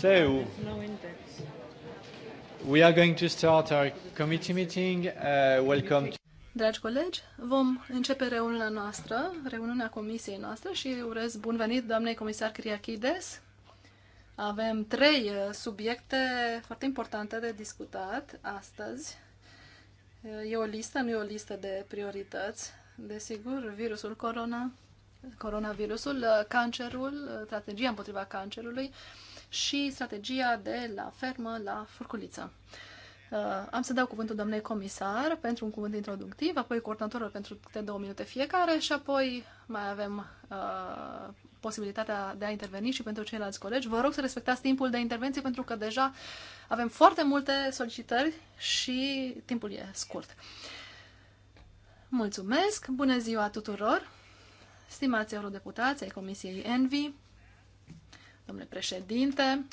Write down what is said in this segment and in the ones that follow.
So, we are going to start our committee meeting. Uh, welcome. To... Dragi colegi, vom începe reuniunea noastră, reuniunea comisiei noastre și urez bun venit doamnei comisar Criachides. Avem trei uh, subiecte foarte importante de discutat astăzi. Uh, e o listă, nu e o listă de priorități. Desigur, virusul corona, coronavirusul, uh, cancerul, strategia împotriva cancerului, și strategia de la fermă la furculiță. Uh, am să dau cuvântul doamnei comisar pentru un cuvânt introductiv, apoi coordonatorul pentru câte două minute fiecare și apoi mai avem uh, posibilitatea de a interveni și pentru ceilalți colegi. Vă rog să respectați timpul de intervenție pentru că deja avem foarte multe solicitări și timpul e scurt. Mulțumesc! Bună ziua tuturor! Stimați eurodeputați ai Comisiei Envi, domnule președinte.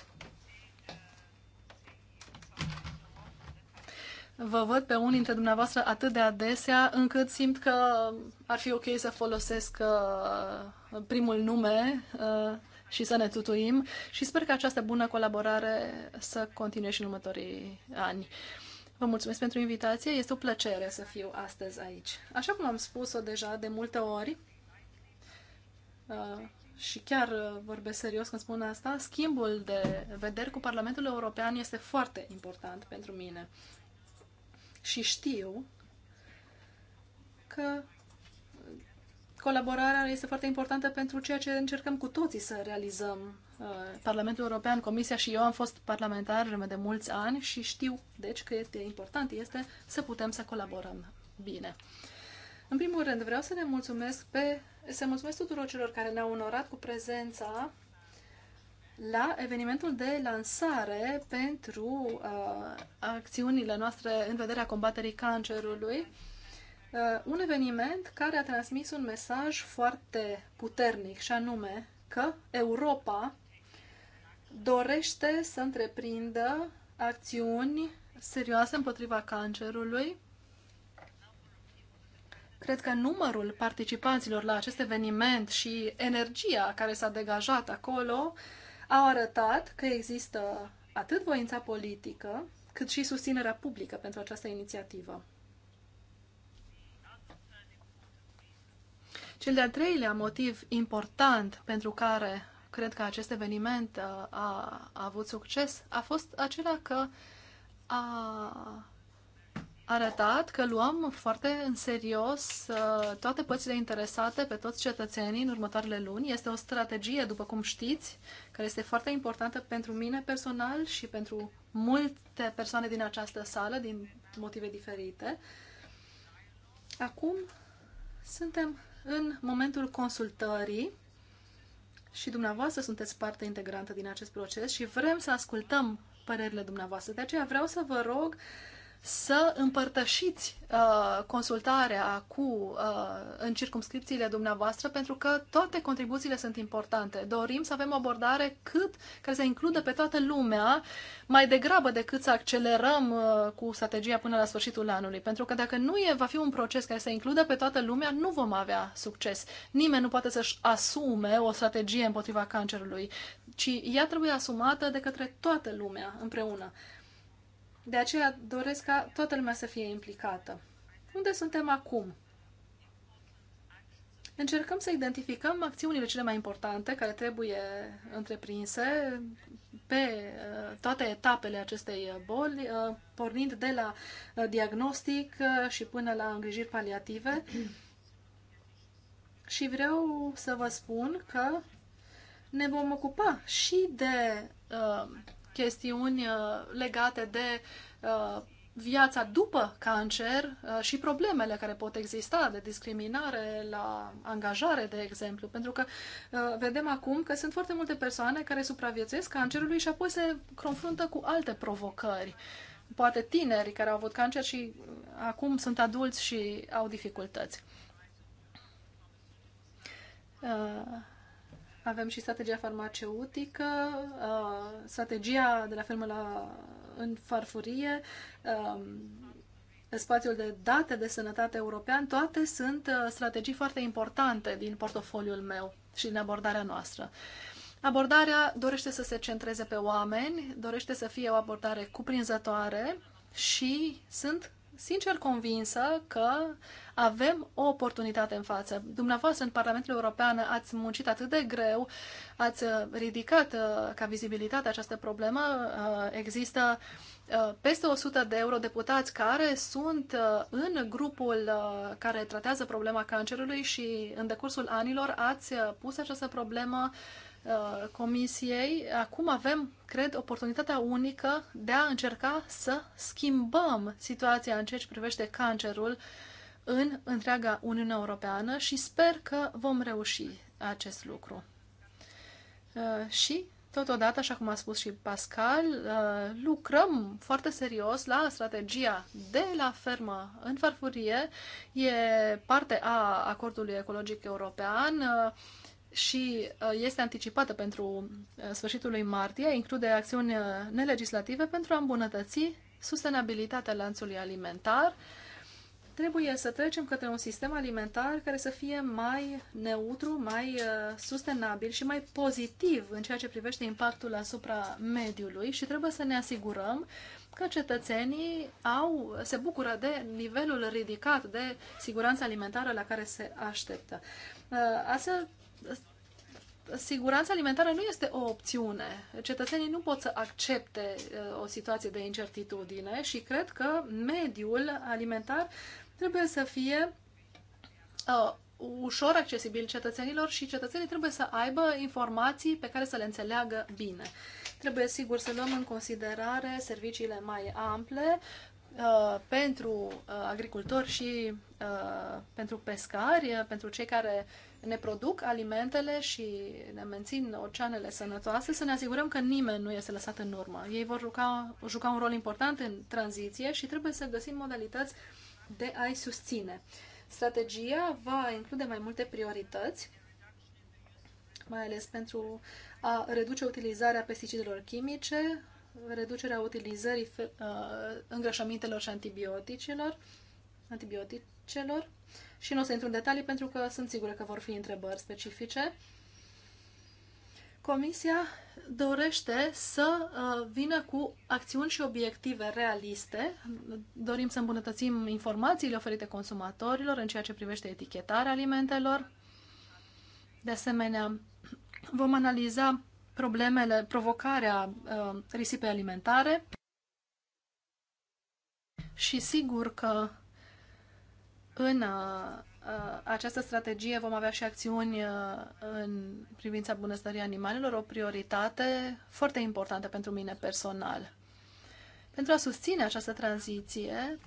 Vă văd pe unii dintre dumneavoastră atât de adesea încât simt că ar fi ok să folosesc uh, primul nume uh, și să ne tutuim și sper că această bună colaborare să continue și în următorii ani. Vă mulțumesc pentru invitație, este o plăcere să fiu astăzi aici. Așa cum am spus-o deja de multe ori, uh, și chiar uh, vorbesc serios când spun asta, schimbul de vederi cu Parlamentul European este foarte important pentru mine. Și știu că colaborarea este foarte importantă pentru ceea ce încercăm cu toții să realizăm. Uh, Parlamentul European, Comisia și eu am fost parlamentar de mulți ani și știu, deci, că este important este să putem să colaborăm bine. În primul rând, vreau să le mulțumesc pe, să mulțumesc tuturor celor care ne-au onorat cu prezența la evenimentul de lansare pentru uh, acțiunile noastre în vederea combaterii cancerului. Uh, un eveniment care a transmis un mesaj foarte puternic și anume că Europa dorește să întreprindă acțiuni serioase împotriva cancerului Cred că numărul participanților la acest eveniment și energia care s-a degajat acolo au arătat că există atât voința politică, cât și susținerea publică pentru această inițiativă. Cel de-al treilea motiv important pentru care cred că acest eveniment uh, a, a avut succes a fost acela că a arătat că luăm foarte în serios uh, toate părțile interesate pe toți cetățenii în următoarele luni. Este o strategie, după cum știți, care este foarte importantă pentru mine personal și pentru multe persoane din această sală, din motive diferite. Acum suntem în momentul consultării și dumneavoastră sunteți parte integrantă din acest proces și vrem să ascultăm părerile dumneavoastră. De aceea vreau să vă rog uh, să împărtășiți uh, consultarea cu, uh, în circumscripțiile dumneavoastră, pentru că toate contribuțiile sunt importante. Dorim să avem o abordare cât, care să includă pe toată lumea, mai degrabă decât să accelerăm uh, cu strategia până la sfârșitul anului. Pentru că dacă nu e, va fi un proces care să includă pe toată lumea, nu vom avea succes. Nimeni nu poate să-și asume o strategie împotriva cancerului, ci ea trebuie asumată de către toată lumea împreună. De aceea doresc ca toată lumea să fie implicată. Unde suntem acum? Încercăm să identificăm acțiunile cele mai importante care trebuie întreprinse pe uh, toate etapele acestei uh, boli, uh, pornind de la diagnostic și până la îngrijiri paliative. și vreau să vă spun că ne vom ocupa și de chestiuni uh, legate de uh, viața după cancer uh, și problemele care pot exista de discriminare la angajare, de exemplu. Pentru că vedem acum că sunt foarte multe persoane care supraviețuiesc cancerului și apoi se confruntă cu alte provocări. Poate tineri care au avut cancer și acum sunt adulți și au dificultăți. Avem și strategia farmaceutică, uh, strategia de la fermă la, în farfurie, um, spațiul de date de sănătate european, toate sunt uh, strategii foarte importante din portofoliul meu și din abordarea noastră. Abordarea dorește să se centreze pe oameni, dorește să fie o abordare cuprinzătoare și sunt sincer convinsă că avem o oportunitate în față. Dumneavoastră, în Parlamentul European, ați muncit atât de greu, ați ridicat uh, ca vizibilitate această problemă. Uh, există uh, peste 100 de eurodeputați care sunt în grupul care tratează problema cancerului și în decursul anilor ați pus această problemă uh, Uh, comisiei, acum avem, cred, oportunitatea unică de a încerca să schimbăm situația în ceea ce privește cancerul în întreaga Uniune Europeană și sper că vom reuși acest lucru. Uh, și Totodată, așa cum a spus și Pascal, uh, lucrăm foarte serios la strategia de la fermă în farfurie. E parte a acordului ecologic european și uh, este anticipată pentru uh, sfârșitul lui martie, include acțiuni uh, nelegislative pentru a îmbunătăți sustenabilitatea lanțului alimentar. Trebuie să trecem către un sistem alimentar care să fie mai neutru, mai sustenabil și mai pozitiv în ceea ce privește impactul asupra mediului și trebuie să ne asigurăm că cetățenii au, se bucură de nivelul ridicat de siguranță alimentară la care se așteptă. Astfel, siguranța alimentară nu este o opțiune. Cetățenii nu pot să accepte uh, o situație de incertitudine și cred că mediul alimentar trebuie să fie uh, ușor accesibil cetățenilor și cetățenii trebuie să aibă informații pe care să le înțeleagă bine. Trebuie, sigur, să luăm în considerare serviciile mai ample uh, pentru uh, agricultori și uh, pentru pescari, uh, pentru cei care uh, ne produc alimentele și ne mențin oceanele sănătoase, să ne asigurăm că nimeni nu este lăsat în urmă. Ei vor juca, juca un rol important în tranziție și trebuie să găsim modalități de a-i susține. Strategia va include mai multe priorități, mai ales pentru a reduce utilizarea pesticidelor chimice, reducerea utilizării uh, îngrășămintelor și antibioticilor, antibiotic, celor și nu o să intru în detalii pentru că sunt sigură că vor fi întrebări specifice. Comisia dorește să uh, vină cu acțiuni și obiective realiste. Dorim să îmbunătățim informațiile oferite consumatorilor în ceea ce privește etichetarea alimentelor. De asemenea, vom analiza problemele, provocarea uh, risipei alimentare și sigur că în uh, uh, această strategie vom avea și acțiuni uh, în privința bunăstării animalelor, o prioritate foarte importantă pentru mine personal. Pentru a susține această tranziție,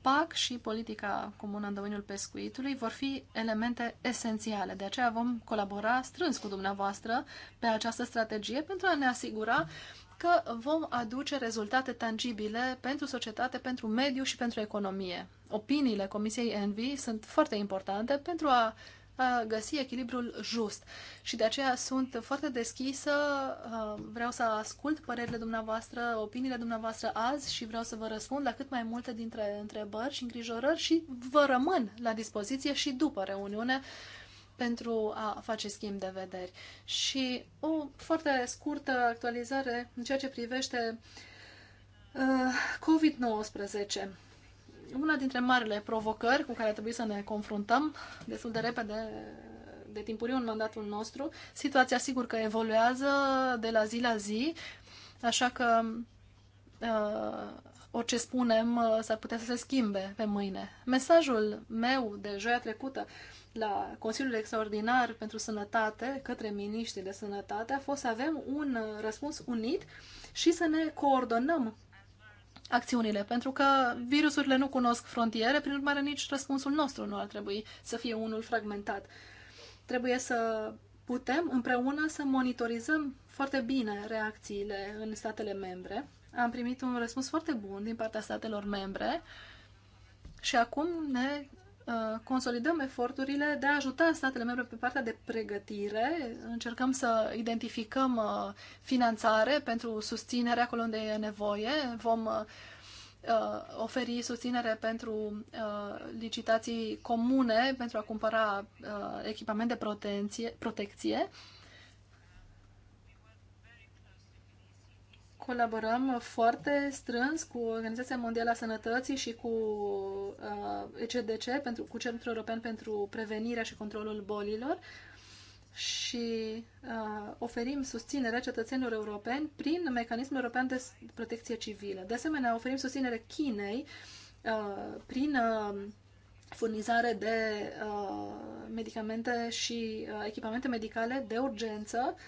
PAC și politica comună în domeniul pescuitului vor fi elemente esențiale. De aceea vom colabora strâns cu dumneavoastră pe această strategie pentru a ne asigura că vom aduce rezultate tangibile pentru societate, pentru mediu și pentru economie. Opiniile Comisiei Envi sunt foarte importante pentru a, a găsi echilibrul just și de aceea sunt foarte deschisă, vreau să ascult părerile dumneavoastră, opiniile dumneavoastră azi și vreau să vă răspund la cât mai multe dintre întrebări și îngrijorări și vă rămân la dispoziție și după reuniune pentru a face schimb de vederi. Și o foarte scurtă actualizare în ceea ce privește uh, COVID-19. Una dintre marile provocări cu care trebuie să ne confruntăm destul de repede de timpuriu în mandatul nostru. Situația sigur că evoluează de la zi la zi, așa că uh, orice spunem uh, s-ar putea să se schimbe pe mâine. Mesajul meu de joia trecută la Consiliul Extraordinar pentru Sănătate, către miniștrii de sănătate, a fost să avem un uh, răspuns unit și să ne coordonăm acțiunile, pentru că virusurile nu cunosc frontiere, prin urmare nici răspunsul nostru nu ar trebui să fie unul fragmentat. Trebuie să putem împreună să monitorizăm foarte bine reacțiile în statele membre am primit un răspuns foarte bun din partea statelor membre și acum ne uh, consolidăm eforturile de a ajuta statele membre pe partea de pregătire. Încercăm să identificăm uh, finanțare pentru susținere acolo unde e nevoie. Vom uh, oferi susținere pentru licitații comune pentru a cumpăra echipament de protecție, protecție Colaborăm foarte strâns cu Organizația Mondială a Sănătății și cu uh, ECDC, pentru, cu Centrul European pentru Prevenirea și Controlul Bolilor și uh, oferim susținere cetățenilor europeni prin mecanismul european de protecție civilă. De asemenea, oferim susținere Chinei uh, prin uh, furnizare de uh, medicamente și uh, echipamente medicale de urgență uh,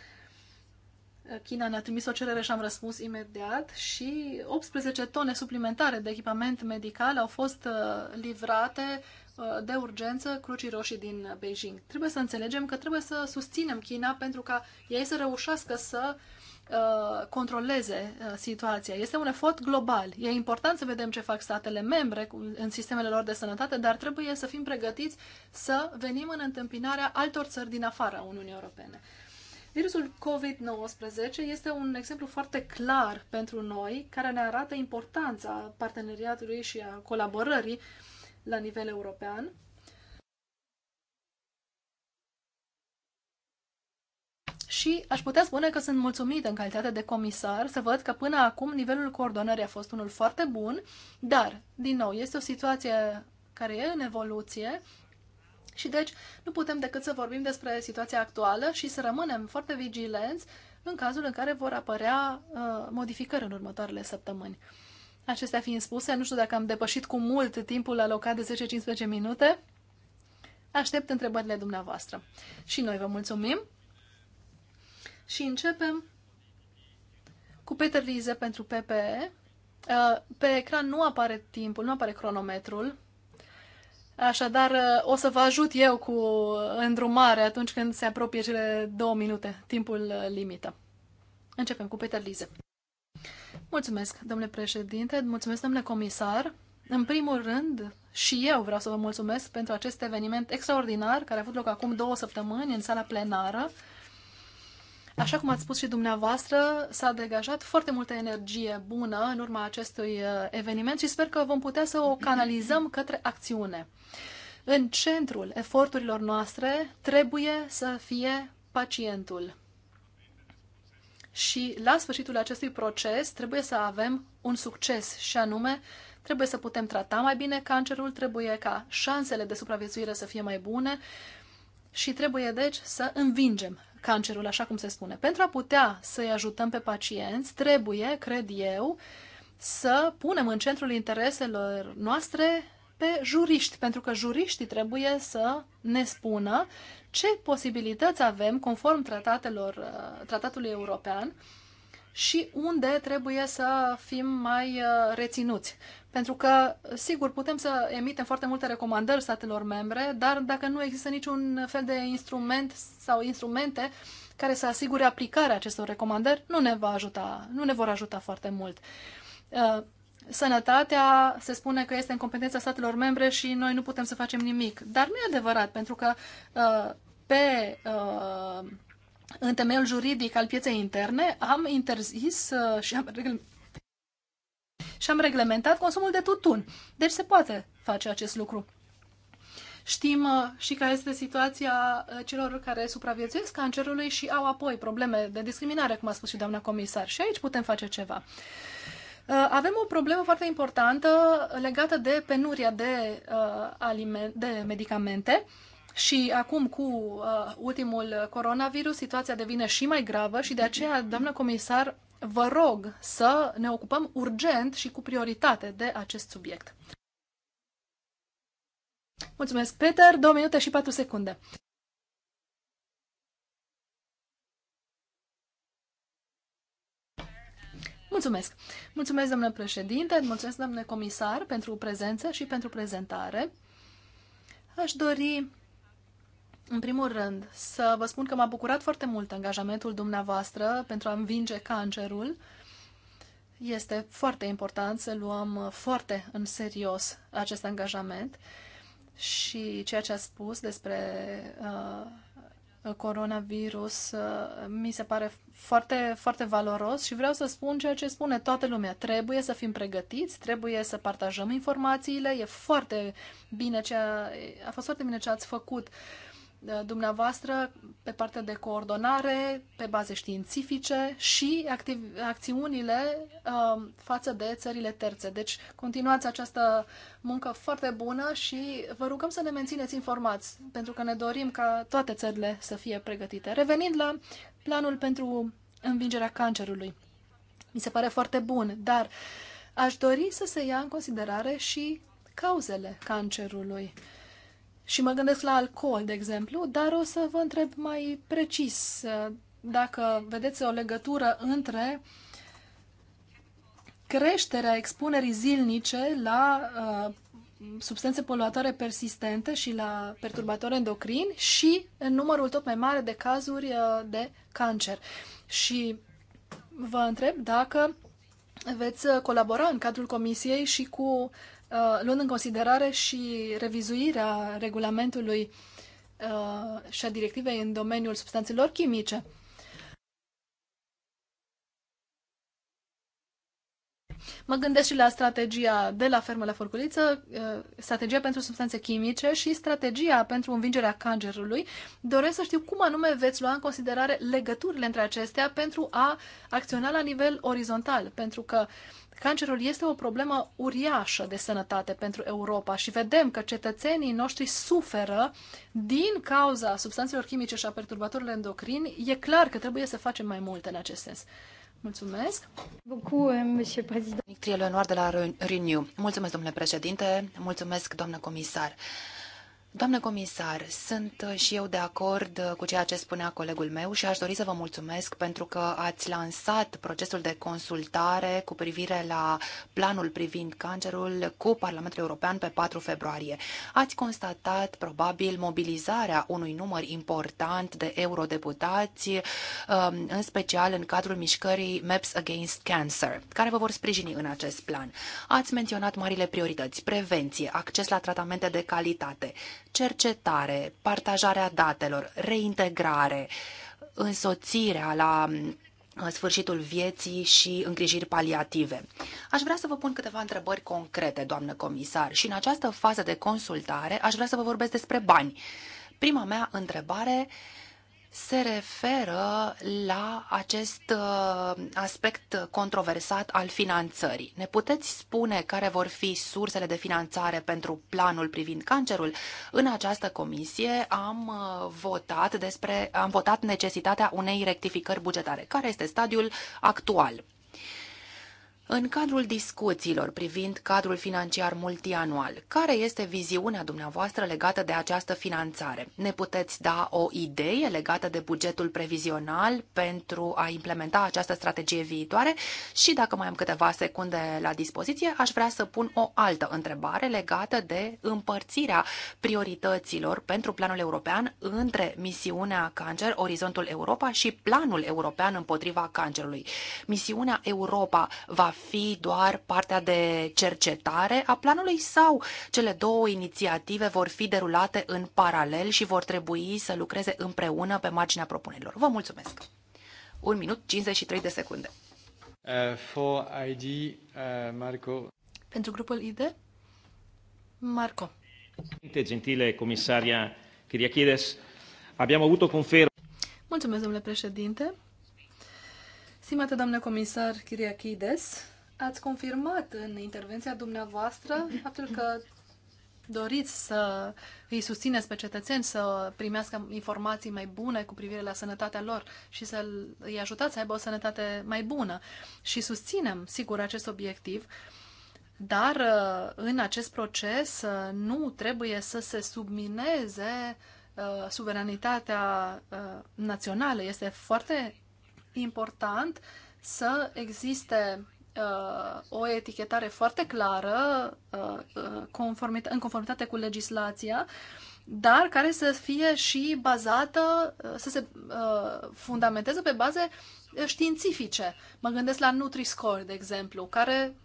China ne-a trimis o cerere și am răspuns imediat și 18 tone suplimentare de echipament medical au fost uh, livrate uh, de urgență Crucii Roșii din Beijing. Trebuie să înțelegem că trebuie să susținem China pentru ca ei să reușească să uh, controleze situația. Este un efort global. E important să vedem ce fac statele membre în sistemele lor de sănătate, dar trebuie să fim pregătiți să venim în întâmpinarea altor țări din afara Uniunii Europene. Virusul COVID-19 este un exemplu foarte clar pentru noi, care ne arată importanța parteneriatului și a colaborării la nivel european. Și aș putea spune că sunt mulțumită în calitate de comisar să văd că până acum nivelul coordonării a fost unul foarte bun, dar, din nou, este o situație care e în evoluție și deci nu putem decât să vorbim despre situația actuală și să rămânem foarte vigilenți în cazul în care vor apărea uh, modificări în următoarele săptămâni. Acestea fiind spuse, nu știu dacă am depășit cu mult timpul alocat de 10-15 minute. Aștept întrebările dumneavoastră. Și noi vă mulțumim. Și începem cu Peter Lize pentru PPE. Uh, pe ecran nu apare timpul, nu apare cronometrul. Așadar, o să vă ajut eu cu îndrumare atunci când se apropie cele două minute, timpul limită. Începem cu Peter Lize. Mulțumesc, domnule președinte, mulțumesc, domnule comisar. În primul rând, și eu vreau să vă mulțumesc pentru acest eveniment extraordinar care a avut loc acum două săptămâni în sala plenară. Așa cum ați spus și dumneavoastră, s-a degajat foarte multă energie bună în urma acestui uh, eveniment și sper că vom putea să o canalizăm către acțiune. În centrul eforturilor noastre trebuie să fie pacientul. Și la sfârșitul acestui proces trebuie să avem un succes și anume trebuie să putem trata mai bine cancerul, trebuie ca șansele de supraviețuire să fie mai bune și trebuie deci să învingem cancerul, așa cum se spune. Pentru a putea să-i ajutăm pe pacienți, trebuie, cred eu, să punem în centrul intereselor noastre pe juriști, pentru că juriștii trebuie să ne spună ce posibilități avem conform tratatelor, uh, tratatului european și unde trebuie să fim mai uh, reținuți. Pentru că, sigur, putem să emitem foarte multe recomandări statelor membre, dar dacă nu există niciun fel de instrument sau instrumente care să asigure aplicarea acestor recomandări, nu ne, va ajuta, nu ne vor ajuta foarte mult. Uh, sănătatea se spune că este în competența statelor membre și noi nu putem să facem nimic. Dar nu e adevărat, pentru că uh, pe uh, în temeiul juridic al pieței interne am interzis și am și am reglementat consumul de tutun. Deci se poate face acest lucru. Știm uh, și care este situația uh, celor care supraviețuiesc cancerului și au apoi probleme de discriminare, cum a spus și doamna comisar. Și aici putem face ceva. Uh, avem o problemă foarte importantă legată de penuria de, de medicamente și acum, cu uh, ultimul coronavirus, situația devine și mai gravă și de aceea, doamnă comisar, vă rog să ne ocupăm urgent și cu prioritate de acest subiect. Mulțumesc, Peter. 2 minute și 4 secunde. Mulțumesc! Mulțumesc, domnule președinte, mulțumesc, domnule comisar, pentru prezență și pentru prezentare. Aș dori în primul rând, să vă spun că m-a bucurat foarte mult angajamentul dumneavoastră pentru a învinge cancerul. Este foarte important să luăm foarte în serios acest angajament și ceea ce a spus despre uh, coronavirus uh, mi se pare foarte, foarte valoros și vreau să spun ceea ce spune toată lumea. Trebuie să fim pregătiți, trebuie să partajăm informațiile, e foarte bine ce a, a fost foarte bine ce ați făcut. Uh, dumneavoastră pe partea de coordonare, pe baze științifice și acțiunile uh, față de țările terțe. Deci continuați această muncă foarte bună și vă rugăm să ne mențineți informați, pentru că ne dorim ca toate țările să fie pregătite. Revenind la planul pentru învingerea cancerului, mi se pare foarte bun, dar aș dori să se ia în considerare și cauzele cancerului. Și mă gândesc la alcool, de exemplu, dar o să vă întreb mai precis uh, dacă vedeți o legătură între creșterea expunerii zilnice la uh, substanțe poluatoare persistente și la perturbatori endocrini și numărul tot mai mare de cazuri uh, de cancer. Și vă întreb dacă veți uh, colabora în cadrul comisiei și cu Uh, luând în considerare și revizuirea regulamentului uh, și a directivei în domeniul substanțelor chimice. Mă gândesc și la strategia de la fermă la forculiță, uh, strategia pentru substanțe chimice și strategia pentru învingerea cancerului. Doresc să știu cum anume veți lua în considerare legăturile între acestea pentru a acționa la nivel orizontal, pentru că Cancerul este o problemă uriașă de sănătate pentru Europa și vedem că cetățenii noștri suferă din cauza substanțelor chimice și a perturbatorilor endocrini. E clar că trebuie să facem mai multe în acest sens. Mulțumesc. Euh, Mulțumesc, domnule președinte. Mulțumesc, domnule comisar. Doamnă comisar, sunt uh, și eu de acord uh, cu ceea ce spunea colegul meu și aș dori să vă mulțumesc pentru că ați lansat procesul de consultare cu privire la planul privind cancerul cu Parlamentul European pe 4 februarie. Ați constatat probabil mobilizarea unui număr important de eurodeputați, um, în special în cadrul mișcării Maps Against Cancer, care vă vor sprijini în acest plan. Ați menționat marile priorități, prevenție, acces la tratamente de calitate, cercetare, partajarea datelor, reintegrare, însoțirea la uh, sfârșitul vieții și îngrijiri paliative. Aș vrea să vă pun câteva întrebări concrete, doamnă comisar, și în această fază de consultare aș vrea să vă vorbesc despre bani. Prima mea întrebare se referă la acest uh, aspect controversat al finanțării. Ne puteți spune care vor fi sursele de finanțare pentru planul privind cancerul? În această comisie am uh, votat despre am votat necesitatea unei rectificări bugetare. Care este stadiul actual? În cadrul discuțiilor privind cadrul financiar multianual, care este viziunea dumneavoastră legată de această finanțare? Ne puteți da o idee legată de bugetul previzional pentru a implementa această strategie viitoare? Și dacă mai am câteva secunde la dispoziție, aș vrea să pun o altă întrebare legată de împărțirea priorităților pentru planul european între misiunea Cancer, Orizontul Europa și planul european împotriva cancerului. Misiunea Europa va fi doar partea de cercetare a planului sau cele două inițiative vor fi derulate în paralel și vor trebui să lucreze împreună pe marginea propunerilor? Vă mulțumesc! Un minut 53 de secunde. Uh, for ID, uh, Marco. Pentru grupul ID, Marco. Gentile comisaria Chiriachides, abbiamo avuto conferma. Mulțumesc, domnule președinte. Simată doamnă comisar Chiriachides, ați confirmat în intervenția dumneavoastră faptul că doriți să îi susțineți pe cetățeni să primească informații mai bune cu privire la sănătatea lor și să îi ajutați să aibă o sănătate mai bună. Și susținem, sigur, acest obiectiv, dar uh, în acest proces uh, nu trebuie să se submineze uh, suveranitatea națională. Este foarte important să existe uh, o etichetare foarte clară, uh, uh, conformit- în conformitate cu legislația, dar care să fie și bazată, uh, să se uh, fundamenteze pe baze uh, științifice. Mă gândesc la Nutri-Score, de exemplu, care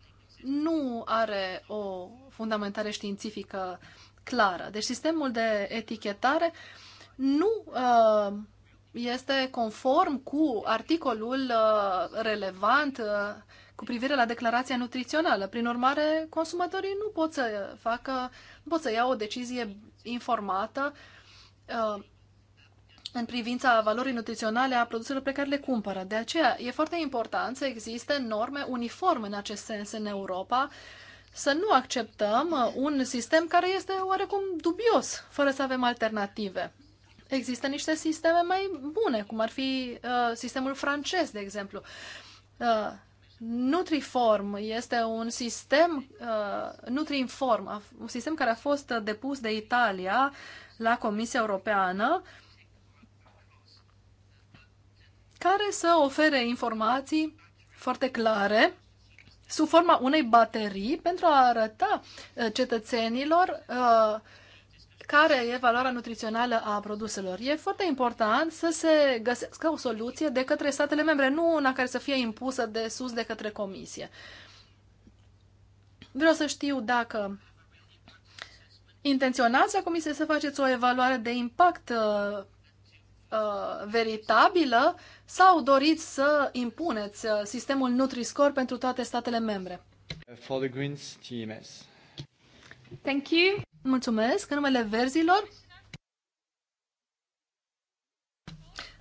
nu are o fundamentare științifică clară. Deci sistemul de etichetare nu uh, este conform cu articolul uh, relevant uh, cu privire la declarația nutrițională. Prin urmare, consumatorii nu pot să facă, nu pot să ia o decizie informată uh, în privința valorii nutriționale a produselor pe care le cumpără. De aceea e foarte important să existe norme uniforme în acest sens în Europa, să nu acceptăm un sistem care este oarecum dubios, fără să avem alternative există niște sisteme mai bune, cum ar fi uh, sistemul francez, de exemplu. Uh, Nutriform este un sistem, uh, Nutriinform, un sistem care a fost depus de Italia la Comisia Europeană, care să ofere informații foarte clare sub forma unei baterii pentru a arăta uh, cetățenilor uh, care e valoarea nutrițională a produselor. E foarte important să se găsească o soluție de către statele membre, nu una care să fie impusă de sus de către comisie. Vreau să știu dacă intenționați la comisie să faceți o evaluare de impact uh, uh, veritabilă sau doriți să impuneți uh, sistemul Nutri-Score pentru toate statele membre. For the Greens TMS. Thank you. Mulțumesc. În numele verzilor?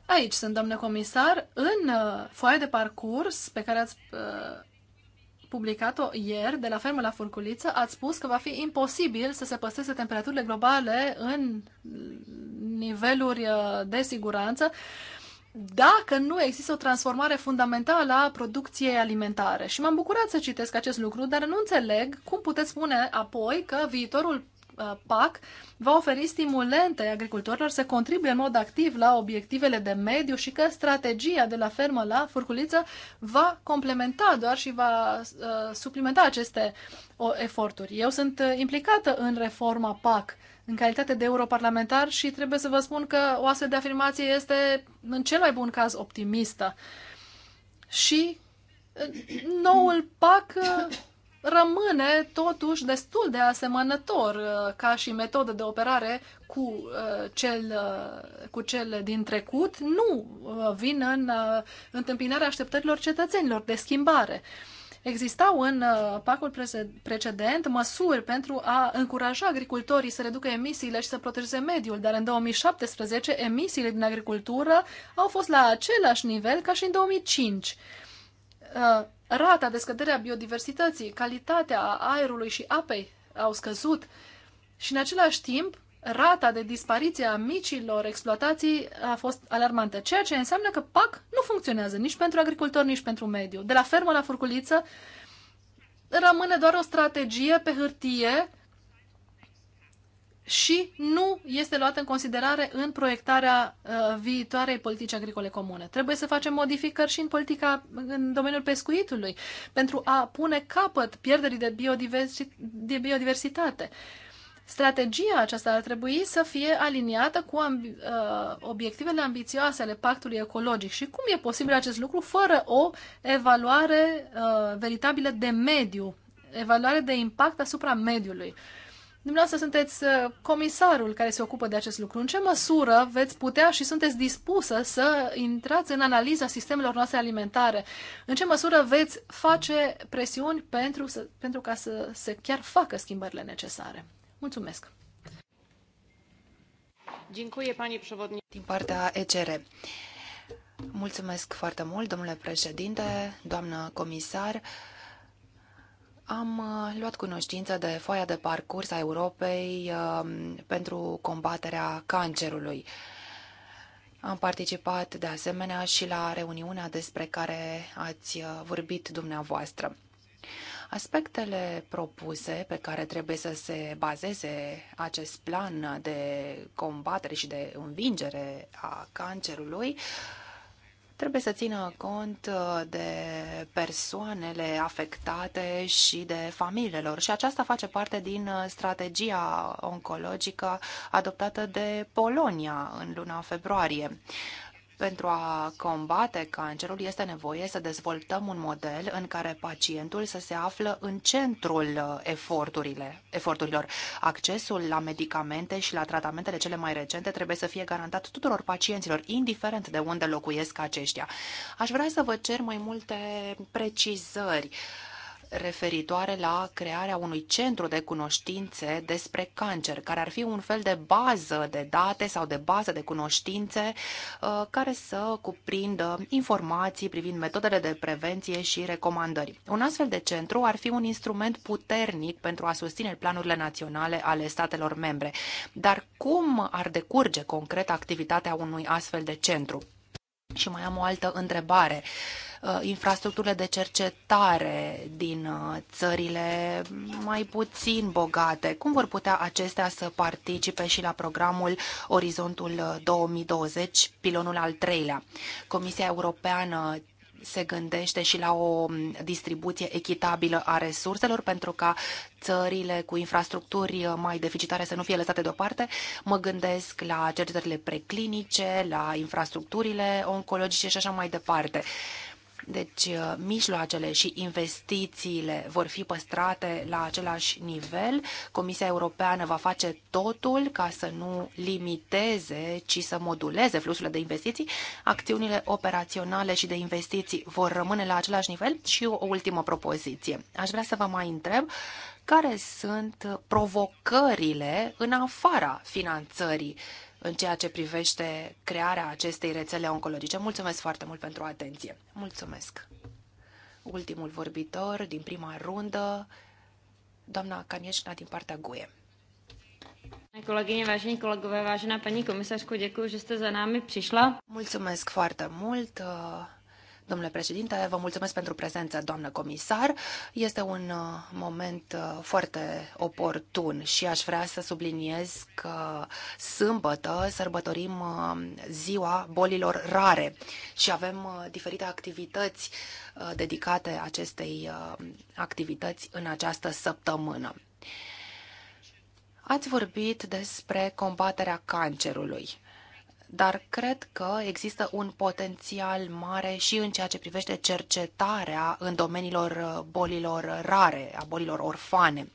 Aici sunt, domnule comisar. În uh, foaia de parcurs pe care ați uh, publicat-o ieri, de la fermă la furculiță, ați spus că va fi imposibil să se păstreze temperaturile globale în niveluri uh, de siguranță dacă nu există o transformare fundamentală a producției alimentare. Și m-am bucurat să citesc acest lucru, dar nu înțeleg cum puteți spune apoi că viitorul Uh, PAC va oferi stimulente agricultorilor să contribuie în mod activ la obiectivele de mediu și că strategia de la fermă la furculiță va complementa doar și va uh, suplimenta aceste eforturi. Eu sunt implicată în reforma PAC în calitate de europarlamentar și trebuie să vă spun că o astfel de afirmație este în cel mai bun caz optimistă. Și uh, noul PAC rămâne totuși destul de asemănător uh, ca și metodă de operare cu uh, cel, uh, cu cel din trecut, nu vin în întâmpinarea așteptărilor cetățenilor de schimbare. Existau în pacul precedent măsuri pentru a încuraja agricultorii să reducă emisiile și să protejeze mediul, dar în 2017 emisiile din agricultură au fost la același nivel ca și în 2005 rata de scădere a biodiversității, calitatea aerului și apei au scăzut și în același timp rata de dispariție a micilor exploatații a fost alarmantă, ceea ce înseamnă că PAC nu funcționează nici pentru agricultori, nici pentru mediu. De la fermă la furculiță rămâne doar o strategie pe hârtie și nu este luată în considerare în proiectarea uh, viitoarei politici agricole comune. Trebuie să facem modificări și în politica în domeniul pescuitului pentru a pune capăt pierderii de, biodiversi- de biodiversitate. Strategia aceasta ar trebui să fie aliniată cu uh, obiectivele ambițioase ale pactului ecologic. Și cum e posibil acest lucru fără o evaluare uh, veritabilă de mediu, evaluare de impact asupra mediului? Dumneavoastră sunteți uh, comisarul care se ocupă de acest lucru. În ce măsură veți putea și sunteți dispusă să intrați în analiza sistemelor noastre alimentare? În ce măsură veți face presiuni pentru, să, pentru ca să se chiar facă schimbările necesare? Mulțumesc! Din partea ECR. Mulțumesc foarte mult, domnule președinte, doamnă comisar. Uh, am uh, luat cunoștință de foaia de parcurs a Europei um, pentru combaterea cancerului. Am participat de asemenea și la reuniunea despre care ați uh, vorbit dumneavoastră. Aspectele propuse pe care trebuie să se bazeze acest plan de combatere și de învingere a cancerului uh, trebuie să țină cont uh, de persoanele afectate și de familiilor și aceasta face parte din uh, strategia oncologică adoptată de Polonia în luna februarie. Pentru a combate cancerul este nevoie să dezvoltăm un model în care pacientul să se află în centrul uh, eforturilor. Accesul la medicamente și la tratamentele cele mai recente trebuie să fie garantat tuturor pacienților, indiferent de unde locuiesc aceștia. Aș vrea să vă cer mai multe precizări referitoare la crearea unui centru de cunoștințe despre cancer, care ar fi un fel de bază de date sau de bază de cunoștințe uh, care să cuprindă informații privind metodele de prevenție și recomandări. Un astfel de centru ar fi un instrument puternic pentru a susține planurile naționale ale statelor membre. Dar cum ar decurge concret activitatea unui astfel de centru? Și mai am o altă întrebare. Uh, infrastructurile de cercetare din uh, țările mai puțin bogate, cum vor putea acestea să participe și la programul Orizontul 2020, uh, pilonul al treilea? Comisia Europeană se gândește și la o distribuție echitabilă a resurselor pentru ca țările cu infrastructuri mai deficitare să nu fie lăsate deoparte. Mă gândesc la cercetările preclinice, la infrastructurile oncologice și așa mai departe. Deci uh, mijloacele și investițiile vor fi păstrate la același nivel. Comisia Europeană va face totul ca să nu limiteze, ci să moduleze fluxurile de investiții. Acțiunile operaționale și de investiții vor rămâne la același nivel. Și o ultimă propoziție. Aș vrea să vă mai întreb care sunt provocările în afara finanțării în ceea ce privește crearea acestei rețele oncologice. Mulțumesc foarte mult pentru atenție. Mulțumesc. Ultimul vorbitor din prima rundă, doamna Canieșna din partea GUE. Kolegyně, vážení kolegové, vážená paní komisařko, děkuji, že jste za námi přišla. Mulțumesc foarte mult. Domnule președinte, vă mulțumesc pentru prezență, doamnă comisar. Este un uh, moment uh, foarte oportun și aș vrea să subliniez că sâmbătă sărbătorim uh, ziua bolilor rare și avem diferite activități dedicate acestei activități în această săptămână. Ați vorbit despre combaterea cancerului dar cred că există un potențial mare și în ceea ce privește cercetarea în domeniilor uh, bolilor rare, a bolilor orfane.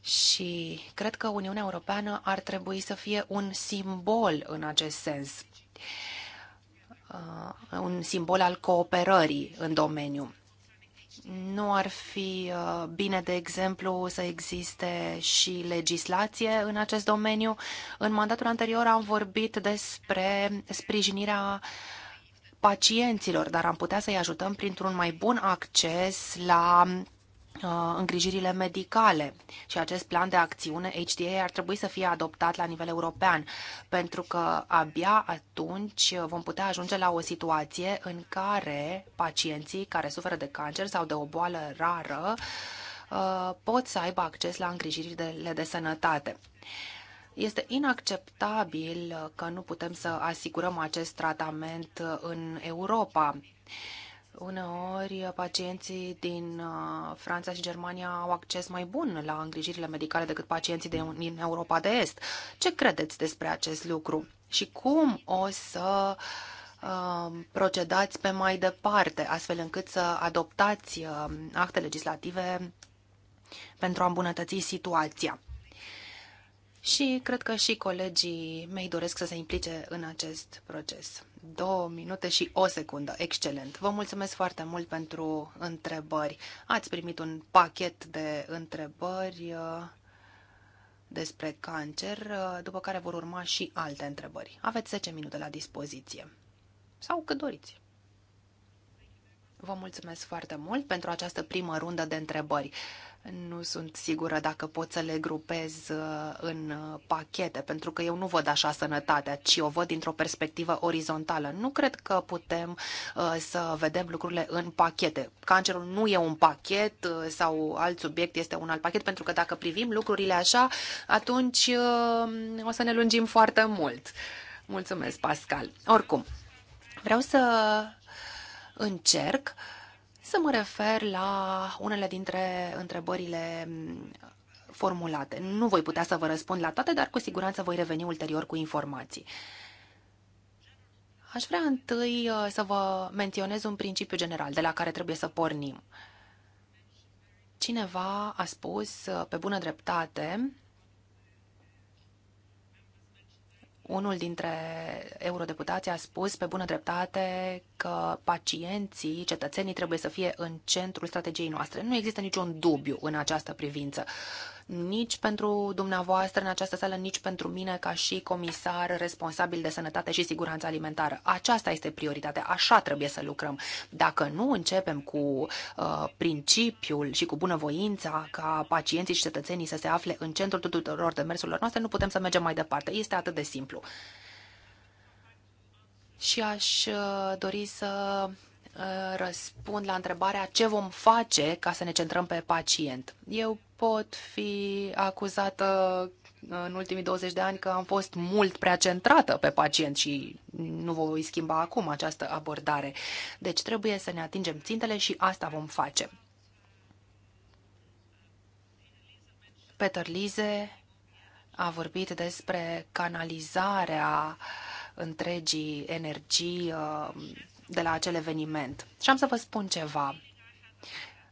Și cred că Uniunea Europeană ar trebui să fie un simbol în acest sens, uh, un simbol al cooperării în domeniu. Nu ar fi uh, bine, de exemplu, să existe și legislație în acest domeniu. În mandatul anterior am vorbit despre sprijinirea pacienților, dar am putea să-i ajutăm printr-un mai bun acces la Uh, îngrijirile medicale și acest plan de acțiune HDA ar trebui să fie adoptat la nivel european, pentru că abia atunci vom putea ajunge la o situație în care pacienții care suferă de cancer sau de o boală rară uh, pot să aibă acces la îngrijirile de sănătate. Este inacceptabil că nu putem să asigurăm acest tratament în Europa Uneori, pacienții din uh, Franța și Germania au acces mai bun la îngrijirile medicale decât pacienții din Europa de Est. Ce credeți despre acest lucru? Și cum o să uh, procedați pe mai departe, astfel încât să adoptați uh, acte legislative pentru a îmbunătăți situația? și cred că și colegii mei doresc să se implice în acest proces. Două minute și o secundă. Excelent. Vă mulțumesc foarte mult pentru întrebări. Ați primit un pachet de întrebări uh, despre cancer, uh, după care vor urma și alte întrebări. Aveți 10 minute la dispoziție. Sau cât doriți. Vă mulțumesc foarte mult pentru această primă rundă de întrebări. Nu sunt sigură dacă pot să le grupez uh, în uh, pachete, pentru că eu nu văd așa sănătatea, ci o văd dintr-o perspectivă orizontală. Nu cred că putem uh, să vedem lucrurile în pachete. Cancerul nu e un pachet sau alt subiect este un alt pachet, pentru că dacă privim lucrurile așa, atunci o să ne lungim foarte mult. Mulțumesc, Pascal. Oricum, vreau să încerc să mă refer la unele dintre întrebările mm, formulate. Nu voi putea să vă răspund la toate, dar cu siguranță voi reveni ulterior cu informații. Aș vrea întâi uh, să vă menționez un principiu general de la care trebuie să pornim. Cineva a spus uh, pe bună dreptate unul dintre eurodeputații a spus pe bună dreptate că pacienții, cetățenii trebuie să fie în centrul strategiei noastre. Nu există niciun dubiu în această privință nici pentru dumneavoastră în această sală, nici pentru mine ca și comisar responsabil de sănătate și siguranță alimentară. Aceasta este prioritatea, așa trebuie să lucrăm. Dacă nu începem cu uh, principiul și cu bunăvoința ca pacienții și cetățenii să se afle în centrul tuturor demersurilor noastre, nu putem să mergem mai departe. Este atât de simplu și aș uh, dori să Uh, răspund la întrebarea ce vom face ca să ne centrăm pe pacient. Eu pot fi acuzată uh, în ultimii 20 de ani că am fost mult prea centrată pe pacient și nu voi schimba acum această abordare. Deci trebuie să ne atingem țintele și asta vom face. Peter Lize a vorbit despre canalizarea întregii energii uh, de la acel eveniment. Și am să vă spun ceva.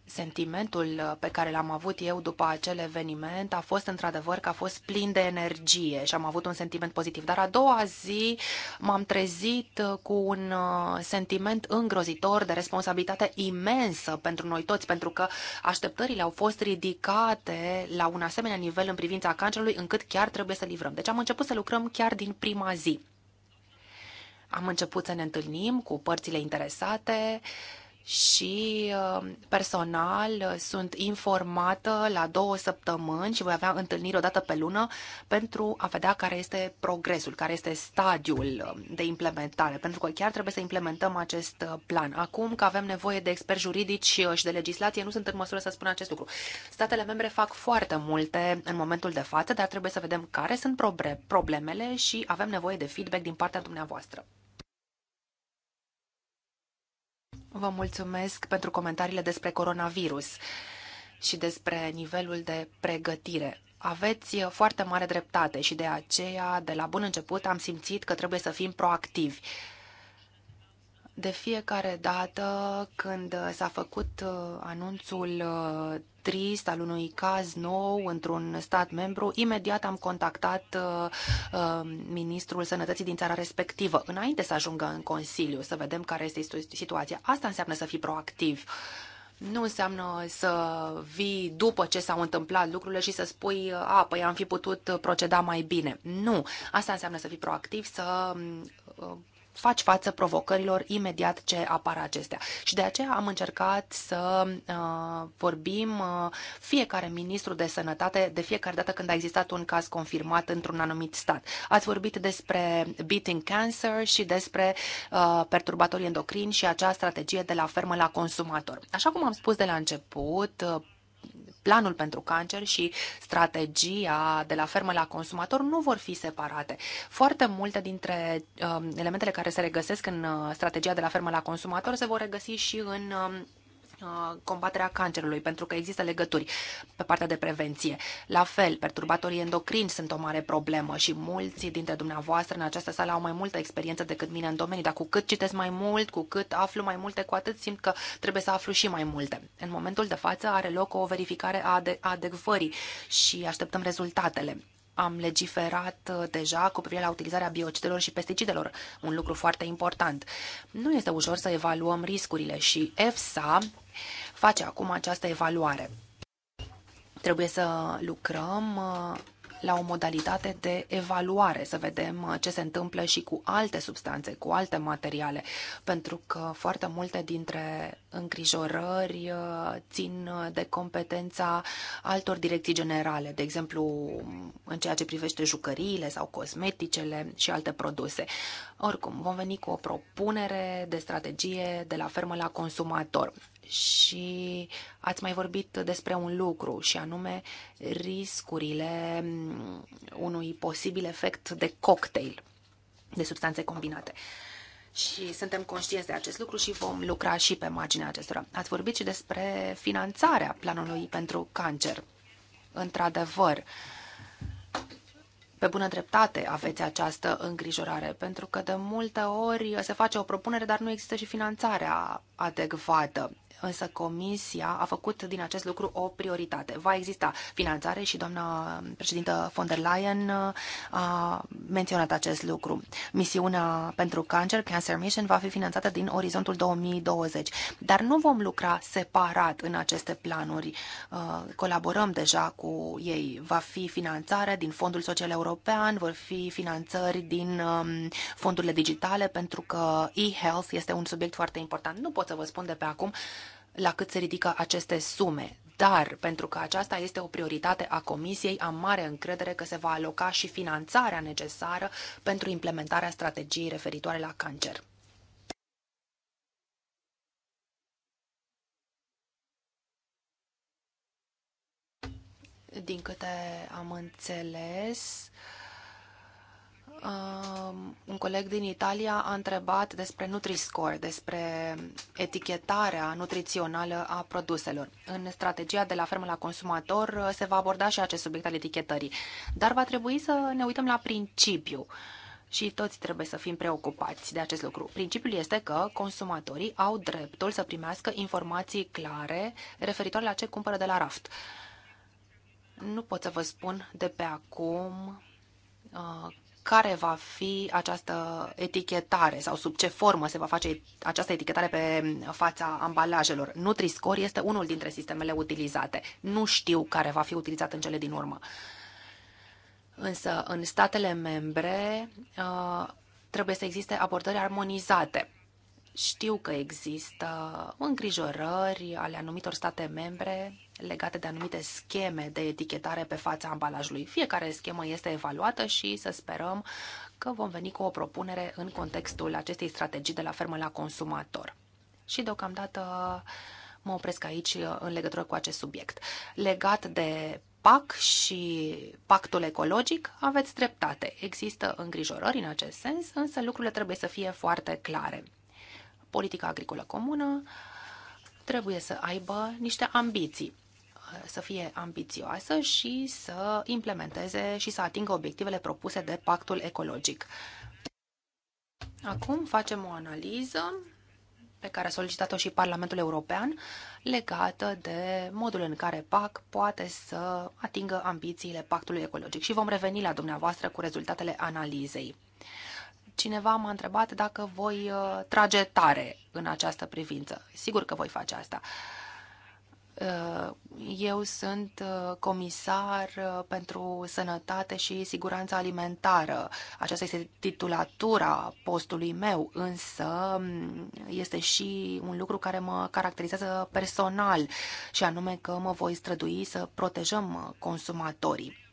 Sentimentul pe care l-am avut eu după acel eveniment a fost într-adevăr că a fost plin de energie și am avut un sentiment pozitiv. Dar a doua zi m-am trezit cu un uh, sentiment îngrozitor de responsabilitate imensă pentru noi toți, pentru că așteptările au fost ridicate la un asemenea nivel în privința cancerului, încât chiar trebuie să livrăm. Deci am început să lucrăm chiar din prima zi am început să ne întâlnim cu părțile interesate și uh, personal uh, sunt informată la două săptămâni și voi avea întâlniri o dată pe lună pentru a vedea care este progresul, care este stadiul um, de implementare, pentru că chiar trebuie să implementăm acest uh, plan. Acum că avem nevoie de experți juridici și de legislație, nu sunt în măsură să spun acest lucru. Statele membre fac foarte multe în momentul de față, dar trebuie să vedem care sunt problemele și avem nevoie de feedback din partea dumneavoastră. Vă mulțumesc pentru comentariile despre coronavirus și despre nivelul de pregătire. Aveți foarte mare dreptate și de aceea, de la bun început, am simțit că trebuie să fim proactivi de fiecare dată când s-a făcut uh, anunțul uh, trist al unui caz nou într-un stat membru, imediat am contactat uh, ministrul sănătății din țara respectivă, înainte să ajungă în Consiliu, să vedem care este situația. Asta înseamnă să fii proactiv. Nu înseamnă să vii după ce s-au întâmplat lucrurile și să spui, a, păi am fi putut proceda mai bine. Nu. Asta înseamnă să fii proactiv, să faci față provocărilor imediat ce apar acestea. Și de aceea am încercat să uh, vorbim uh, fiecare ministru de sănătate de fiecare dată când a existat un caz confirmat într-un anumit stat. Ați vorbit despre beating cancer și despre uh, perturbatorii endocrini și acea strategie de la fermă la consumator. Așa cum am spus de la început, planul pentru cancer și strategia de la fermă la consumator nu vor fi separate. Foarte multe dintre um, elementele care se regăsesc în uh, strategia de la fermă la consumator se vor regăsi și în um, Uh, combaterea cancerului, pentru că există legături pe partea de prevenție. La fel, perturbatorii endocrini sunt o mare problemă și mulți dintre dumneavoastră în această sală au mai multă experiență decât mine în domeniu, dar cu cât citesc mai mult, cu cât aflu mai multe, cu atât simt că trebuie să aflu și mai multe. În momentul de față are loc o verificare a adecvării și așteptăm rezultatele am legiferat uh, deja cu privire la utilizarea biocidelor și pesticidelor, un lucru foarte important. Nu este ușor să evaluăm riscurile și EFSA face acum această evaluare. Trebuie să lucrăm uh, la o modalitate de evaluare, să vedem uh, ce se întâmplă și cu alte substanțe, cu alte materiale, pentru că foarte multe dintre îngrijorări uh, țin uh, de competența altor direcții generale, de exemplu mm, în ceea ce privește jucăriile sau cosmeticele și alte produse. Oricum, vom veni cu o propunere de strategie de la fermă la consumator și ați mai vorbit despre un lucru și anume riscurile mm, unui posibil efect de cocktail de substanțe combinate. Și suntem conștienți de acest lucru și vom lucra și pe marginea acestora. Ați vorbit și despre finanțarea planului pentru cancer. Într-adevăr, pe bună dreptate aveți această îngrijorare, pentru că de multe ori se face o propunere, dar nu există și finanțarea adecvată însă Comisia a făcut din acest lucru o prioritate. Va exista finanțare și doamna președintă von der Leyen uh, a menționat acest lucru. Misiunea pentru cancer, Cancer Mission, va fi finanțată din orizontul 2020, dar nu vom lucra separat în aceste planuri. Uh, colaborăm deja cu ei. Va fi finanțare din Fondul Social European, vor fi finanțări din um, fondurile digitale, pentru că e-health este un subiect foarte important. Nu pot să vă spun de pe acum la cât se ridică aceste sume, dar pentru că aceasta este o prioritate a Comisiei, am mare încredere că se va aloca și finanțarea necesară pentru implementarea strategiei referitoare la cancer. Din câte am înțeles, uh, Um, un coleg din Italia a întrebat despre NutriScore, despre etichetarea nutrițională a produselor. În strategia de la fermă la consumator uh, se va aborda și acest subiect al etichetării, dar va trebui să ne uităm la principiu și toți trebuie să fim preocupați de acest lucru. Principiul este că consumatorii au dreptul să primească informații clare referitoare la ce cumpără de la raft. Nu pot să vă spun de pe acum uh, care va fi această etichetare sau sub ce formă se va face această etichetare pe fața ambalajelor. Nutri-Score este unul dintre sistemele utilizate. Nu știu care va fi utilizat în cele din urmă. Însă, în statele membre uh, trebuie să existe abordări armonizate știu că există îngrijorări ale anumitor state membre legate de anumite scheme de etichetare pe fața ambalajului. Fiecare schemă este evaluată și să sperăm că vom veni cu o propunere în contextul acestei strategii de la fermă la consumator. Și deocamdată mă opresc aici în legătură cu acest subiect. Legat de PAC și pactul ecologic, aveți dreptate. Există îngrijorări în acest sens, însă lucrurile trebuie să fie foarte clare politica agricolă comună trebuie să aibă niște ambiții, să fie ambițioasă și să implementeze și să atingă obiectivele propuse de pactul ecologic. Acum facem o analiză pe care a solicitat-o și Parlamentul European legată de modul în care PAC poate să atingă ambițiile pactului ecologic și vom reveni la dumneavoastră cu rezultatele analizei. Cineva m-a întrebat dacă voi uh, trage tare în această privință. Sigur că voi face asta. Uh, eu sunt uh, comisar pentru sănătate și siguranță alimentară. Aceasta este titulatura postului meu, însă um, este și un lucru care mă caracterizează personal și anume că mă voi strădui să protejăm consumatorii.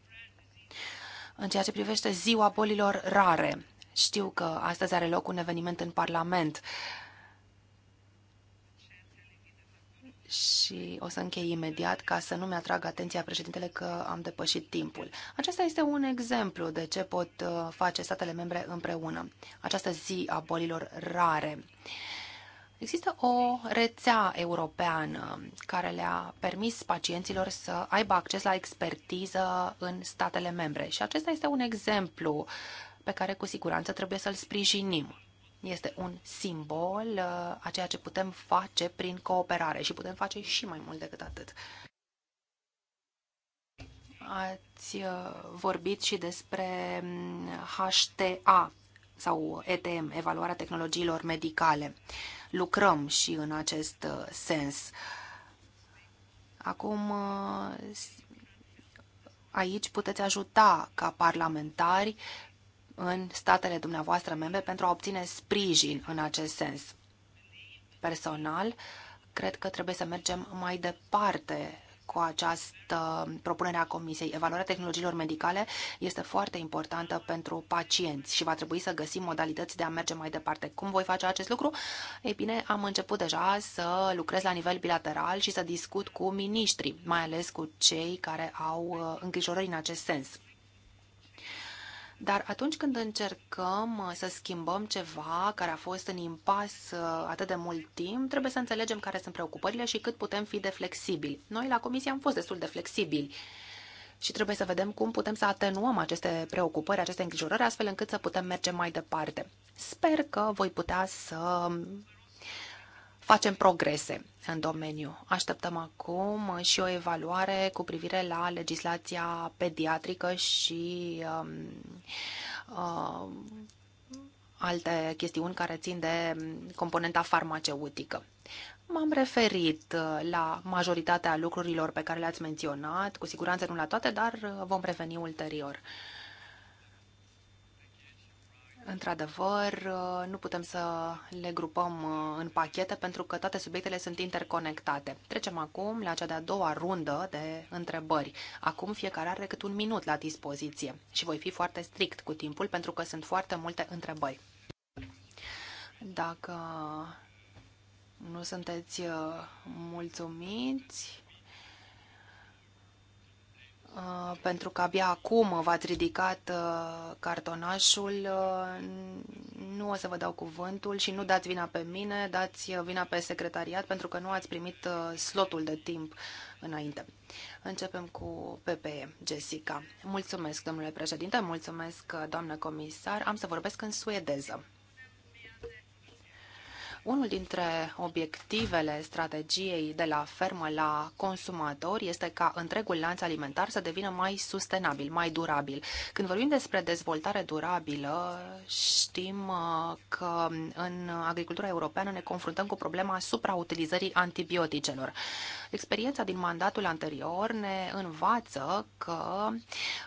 În ceea ce privește ziua bolilor rare, știu că astăzi are loc un eveniment în Parlament și o să închei imediat ca să nu mi-atrag atenția președintele că am depășit timpul. Acesta este un exemplu de ce pot uh, face statele membre împreună. Această zi a bolilor rare. Există o rețea europeană care le-a permis pacienților să aibă acces la expertiză în statele membre și acesta este un exemplu uh, pe care cu siguranță trebuie să-l sprijinim. Este un simbol uh, a ceea ce putem face prin cooperare și putem face și mai mult decât atât. Ați uh, vorbit și despre mm, HTA sau ETM, Evaluarea Tehnologiilor Medicale. Lucrăm și în acest uh, sens. Acum, aici puteți ajuta ca parlamentari în statele dumneavoastră membre pentru a obține sprijin în acest sens. Personal, cred că trebuie să mergem mai departe cu această propunere a Comisiei. Evaluarea tehnologiilor medicale este foarte importantă pentru pacienți și va trebui să găsim modalități de a merge mai departe. Cum voi face acest lucru? Ei bine, am început deja să lucrez la nivel bilateral și să discut cu miniștri, mai ales cu cei care au uh, îngrijorări în acest sens. Dar atunci când încercăm uh, să schimbăm ceva care a fost în impas uh, atât de mult timp, trebuie să înțelegem care sunt preocupările și cât putem fi de flexibili. Noi la comisie am fost destul de flexibili și trebuie să vedem cum putem să atenuăm aceste preocupări, aceste îngrijorări, astfel încât să putem merge mai departe. Sper că voi putea să facem progrese în domeniu. Așteptăm acum și o evaluare cu privire la legislația pediatrică și um, uh, alte chestiuni care țin de componenta farmaceutică. M-am referit uh, la majoritatea lucrurilor pe care le-ați menționat, cu siguranță nu la toate, dar uh, vom reveni ulterior. Într-adevăr, uh, nu putem să le grupăm uh, în pachete pentru că toate subiectele sunt interconectate. Trecem acum la cea de-a doua rundă de întrebări. Acum fiecare are cât un minut la dispoziție și voi fi foarte strict cu timpul pentru că sunt foarte multe întrebări. Dacă nu sunteți uh, mulțumiți, Uh, pentru că abia acum v-ați ridicat uh, cartonașul, uh, nu o să vă dau cuvântul și nu dați vina pe mine, dați vina pe secretariat pentru că nu ați primit slotul de timp înainte. Începem cu PPE, Jessica. Mulțumesc, domnule președinte, mulțumesc, doamnă comisar. Am să vorbesc în suedeză. Unul dintre obiectivele strategiei de la fermă la consumator este ca întregul lanț alimentar să devină mai sustenabil, mai durabil. Când vorbim despre dezvoltare durabilă, știm uh, că în agricultura europeană ne confruntăm cu problema suprautilizării antibioticelor. Experiența din mandatul anterior ne învață că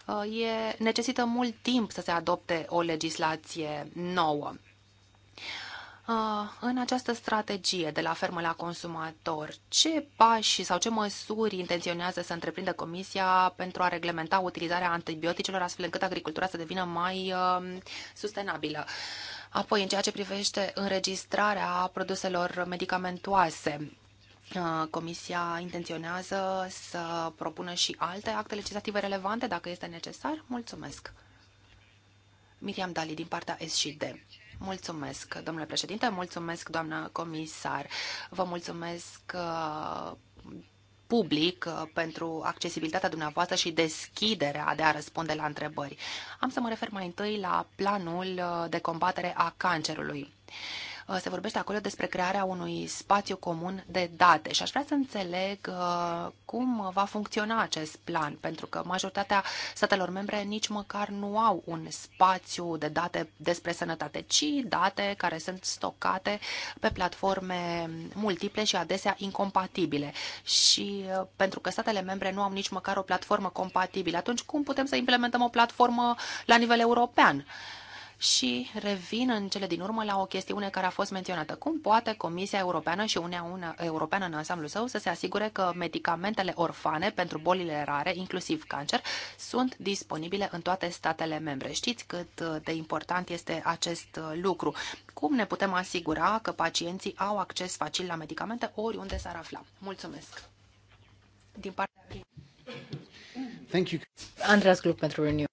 uh, e, necesită mult timp să se adopte o legislație nouă. Ah, în această strategie de la fermă la consumator, ce pași sau ce măsuri intenționează să întreprindă Comisia pentru a reglementa utilizarea antibioticelor astfel încât agricultura să devină mai um, sustenabilă? Apoi, în ceea ce privește înregistrarea produselor medicamentoase, uh, Comisia intenționează să propună și alte acte legislative relevante dacă este necesar? Mulțumesc! Miriam Dali din partea S Mulțumesc, domnule președinte, mulțumesc, doamna comisar. Vă mulțumesc uh, public uh, pentru accesibilitatea dumneavoastră și deschiderea de a răspunde la întrebări. Am să mă refer mai întâi la planul uh, de combatere a cancerului. Uh, se vorbește acolo despre crearea unui spațiu comun de date și aș vrea să înțeleg uh, cum va funcționa acest plan, pentru că majoritatea statelor membre nici măcar nu au un spațiu de date despre sănătate, ci date care sunt stocate pe platforme multiple și adesea incompatibile. Și uh, pentru că statele membre nu au nici măcar o platformă compatibilă, atunci cum putem să implementăm o platformă la nivel european? și revin în cele din urmă la o chestiune care a fost menționată. Cum poate Comisia Europeană și Uniunea Europeană în ansamblu său să se asigure că medicamentele orfane pentru bolile rare, inclusiv cancer, sunt disponibile în toate statele membre? Știți cât uh, de important este acest uh, lucru? Cum ne putem asigura că pacienții au acces facil la medicamente oriunde s-ar afla? Mulțumesc! Din partea... Thank you. Andreas Gluck pentru Renew.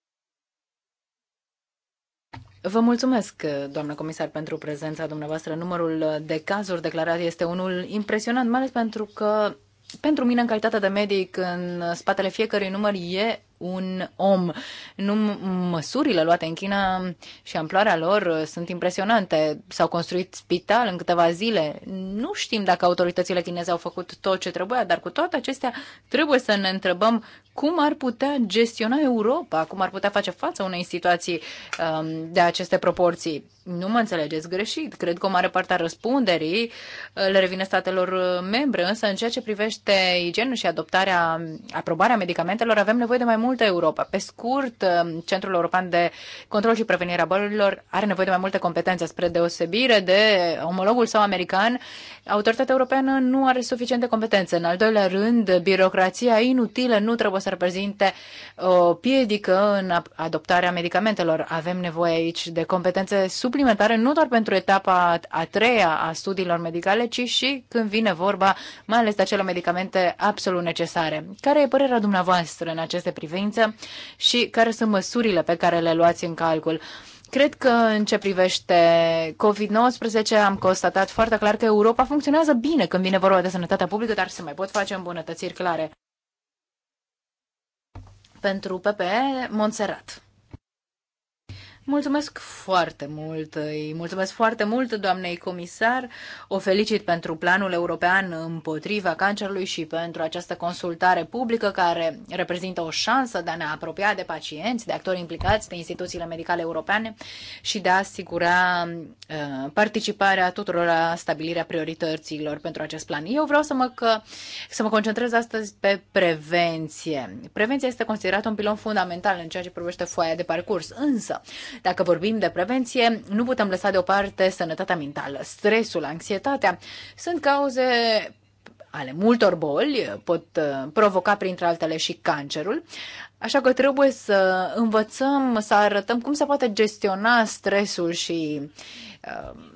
Vă mulțumesc, doamnă comisar, pentru prezența dumneavoastră. Numărul de cazuri declarate este unul impresionant, mai ales pentru că pentru mine, în calitate de medic, în spatele fiecărui număr e un om. Nu măsurile luate în China și amploarea lor uh, sunt impresionante. S-au construit spital în câteva zile. Nu știm dacă autoritățile chineze au făcut tot ce trebuia, dar cu toate acestea trebuie să ne întrebăm cum ar putea gestiona Europa, cum ar putea face față unei situații um, de aceste proporții nu mă înțelegeți greșit. Cred că o mare parte a răspunderii uh, le revine statelor uh, membre, însă în ceea ce privește igienul și adoptarea, aprobarea medicamentelor, avem nevoie de mai multă Europa. Pe scurt, uh, Centrul European de Control și Prevenire a Bolilor are nevoie de mai multe competențe, spre deosebire de omologul său american. Autoritatea europeană nu are suficiente competențe. În al doilea rând, birocrația inutilă nu trebuie să reprezinte o piedică în adoptarea medicamentelor. Avem nevoie aici de competențe sub suplimentare nu doar pentru etapa a treia a studiilor medicale, ci și când vine vorba mai ales de acele medicamente absolut necesare. Care e părerea dumneavoastră în aceste privință și care sunt măsurile pe care le luați în calcul? Cred că în ce privește COVID-19 am constatat foarte clar că Europa funcționează bine când vine vorba de sănătatea publică, dar se mai pot face îmbunătățiri clare. Pentru PPE, Montserrat. Mulțumesc foarte mult, îi mulțumesc foarte mult doamnei comisar. O felicit pentru planul european împotriva cancerului și pentru această consultare publică care reprezintă o șansă de a ne apropia de pacienți, de actori implicați, de instituțiile medicale europene și de a asigura uh, participarea tuturor la stabilirea priorităților pentru acest plan. Eu vreau să mă, că, să mă concentrez astăzi pe prevenție. Prevenția este considerată un pilon fundamental în ceea ce privește foaia de parcurs, însă dacă vorbim de prevenție, nu putem lăsa deoparte sănătatea mentală. Stresul, anxietatea sunt cauze ale multor boli, pot uh, provoca printre altele și cancerul. Așa că trebuie să învățăm, să arătăm cum se poate gestiona stresul și uh,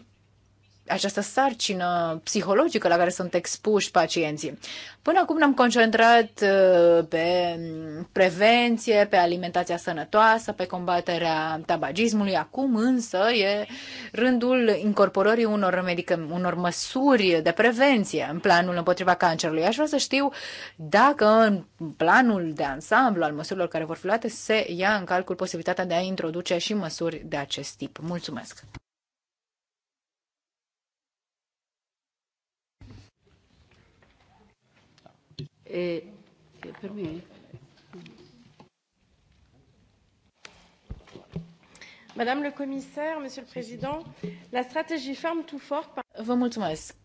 această sarcină psihologică la care sunt expuși pacienții. Până acum ne-am concentrat uh, pe mm, prevenție, pe alimentația sănătoasă, pe combaterea tabagismului. Acum însă e rândul incorporării unor, medic- unor măsuri de prevenție în planul împotriva cancerului. Aș vrea să știu dacă în planul de ansamblu al măsurilor care vor fi luate se ia în calcul posibilitatea de a introduce și măsuri de acest tip. Mulțumesc! Madame le commissaire, monsieur le président, la stratégie Farm to Fork Vă mulțumesc.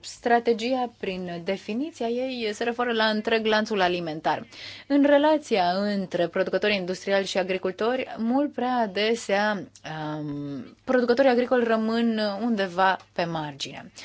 Strategia, prin definiția ei, se referă la întreg lanțul alimentar. În relația între producători industriali și agricultori, mult prea adesea um, producătorii agricoli rămân undeva pe margine. Uh,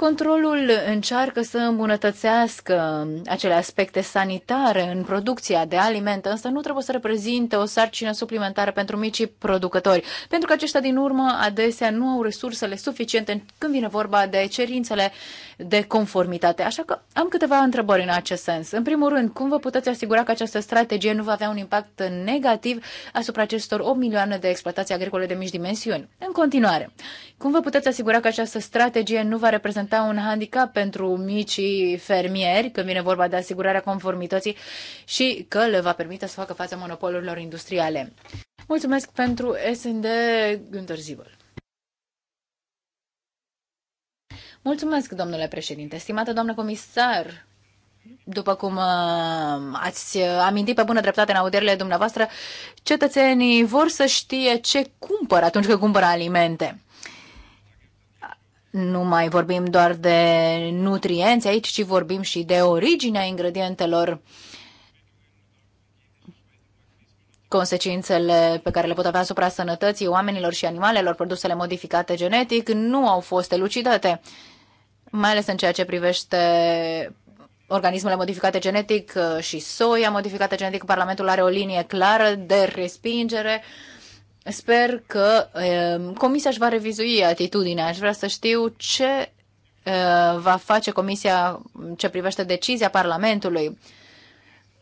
Controlul încearcă să îmbunătățească acele aspecte sanitare în producția de alimente, însă nu trebuie să reprezinte o sarcină suplimentară pentru micii producători, pentru că aceștia din urmă adesea nu au resursele suficiente când vine vorba de cerințele de conformitate. Așa că am câteva întrebări în acest sens. În primul rând, cum vă puteți asigura că această strategie nu va avea un impact negativ asupra acestor 8 milioane de exploatații agricole de mici dimensiuni? În continuare, cum vă puteți asigura că această strategie nu va reprezenta reprezenta un handicap pentru micii fermieri când vine vorba de asigurarea conformității și că le va permite să facă față monopolurilor industriale. Mulțumesc pentru SND Günther Zibel. Mulțumesc, domnule președinte. Stimată doamnă comisar, după cum uh, ați amintit pe bună dreptate în audierile dumneavoastră, cetățenii vor să știe ce cumpără atunci când cumpără alimente nu mai vorbim doar de nutrienți aici, ci vorbim și de originea ingredientelor, consecințele pe care le pot avea asupra sănătății oamenilor și animalelor, produsele modificate genetic, nu au fost elucidate, mai ales în ceea ce privește organismele modificate genetic uh, și soia modificată genetic. Parlamentul are o linie clară de respingere Sper că ehm, Comisia își va revizui atitudinea. Aș vrea să știu ce uh, va face Comisia ce privește decizia Parlamentului.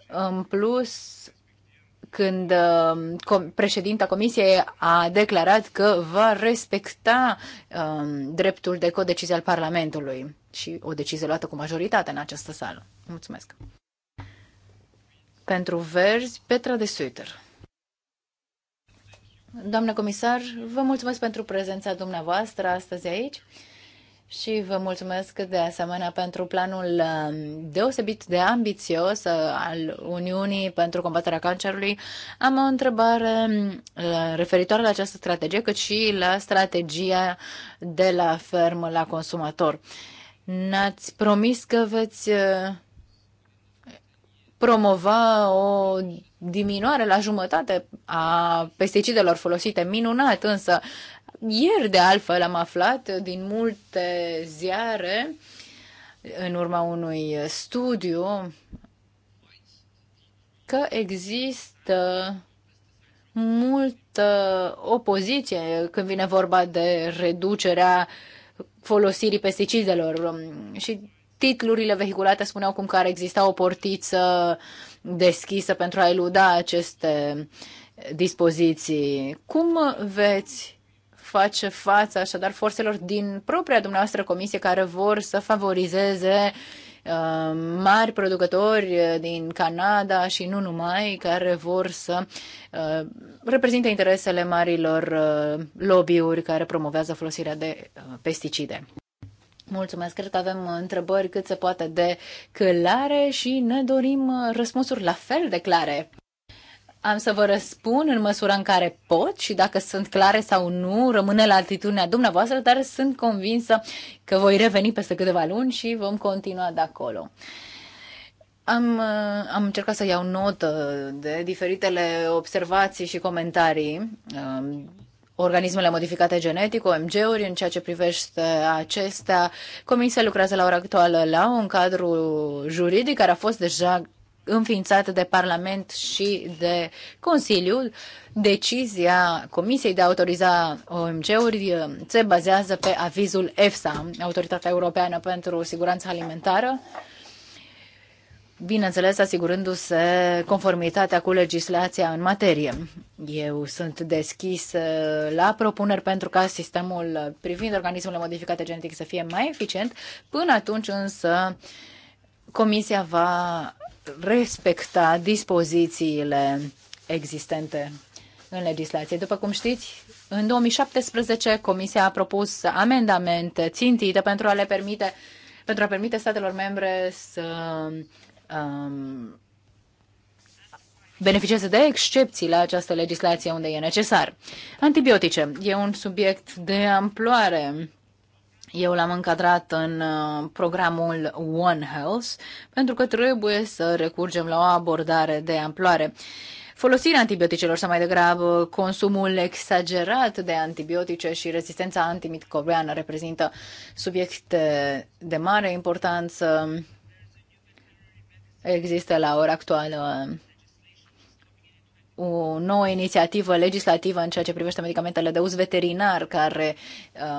În plus, când ehm, com- președinta Comisiei a declarat că va respecta um, dreptul de codecizie al Parlamentului și o decizie luată cu majoritate în această sală. Mulțumesc. Pentru verzi, Petra de Suiter. Doamnă comisar, vă mulțumesc pentru prezența dumneavoastră astăzi aici și vă mulțumesc de asemenea pentru planul um, deosebit de ambițios uh, al Uniunii pentru combaterea cancerului. Am o întrebare uh, referitoare la această strategie, cât și la strategia de la fermă la consumator. n ați promis că veți uh, promova o diminuare la jumătate a pesticidelor folosite. Minunat, însă ieri de altfel am aflat din multe ziare în urma unui studiu că există multă opoziție când vine vorba de reducerea folosirii pesticidelor și titlurile vehiculate spuneau cum că ar exista o portiță deschisă pentru a eluda aceste dispoziții. Cum veți face față așadar forțelor din propria dumneavoastră comisie care vor să favorizeze uh, mari producători din Canada și nu numai, care vor să uh, reprezinte interesele marilor uh, lobby-uri care promovează folosirea de pesticide. Mulțumesc, cred că avem uh, întrebări cât se poate de clare și ne dorim uh, răspunsuri la fel de clare. Am să vă răspund în măsura în care pot și dacă sunt clare sau nu, rămâne la altitudinea dumneavoastră, dar sunt convinsă că voi reveni peste câteva luni și vom continua de acolo. Am, uh, am încercat să iau notă de diferitele observații și comentarii um, organismele modificate genetic, OMG-uri, în ceea ce privește acestea. Comisia lucrează la ora actuală la un cadru juridic care a fost deja înființat de Parlament și de Consiliu. Decizia Comisiei de a autoriza OMG-uri uh, se bazează pe avizul EFSA, Autoritatea Europeană pentru Siguranța Alimentară bineînțeles asigurându-se conformitatea cu legislația în materie. Eu sunt deschis uh, la propuneri pentru ca sistemul privind organismele modificate genetic să fie mai eficient. Până atunci însă Comisia va respecta dispozițiile existente în legislație. După cum știți, în 2017 Comisia a propus amendamente țintite pentru a le permite pentru a permite statelor membre să um, beneficieze de excepții la această legislație unde e necesar. Antibiotice e un subiect de amploare. Eu l-am încadrat în uh, programul One Health pentru că trebuie să recurgem la o abordare de amploare. Folosirea antibioticelor sau mai degrabă consumul exagerat de antibiotice și rezistența antimicrobiană reprezintă subiecte de mare importanță Există la ora actuală o nouă inițiativă legislativă în ceea ce privește medicamentele de uz veterinar care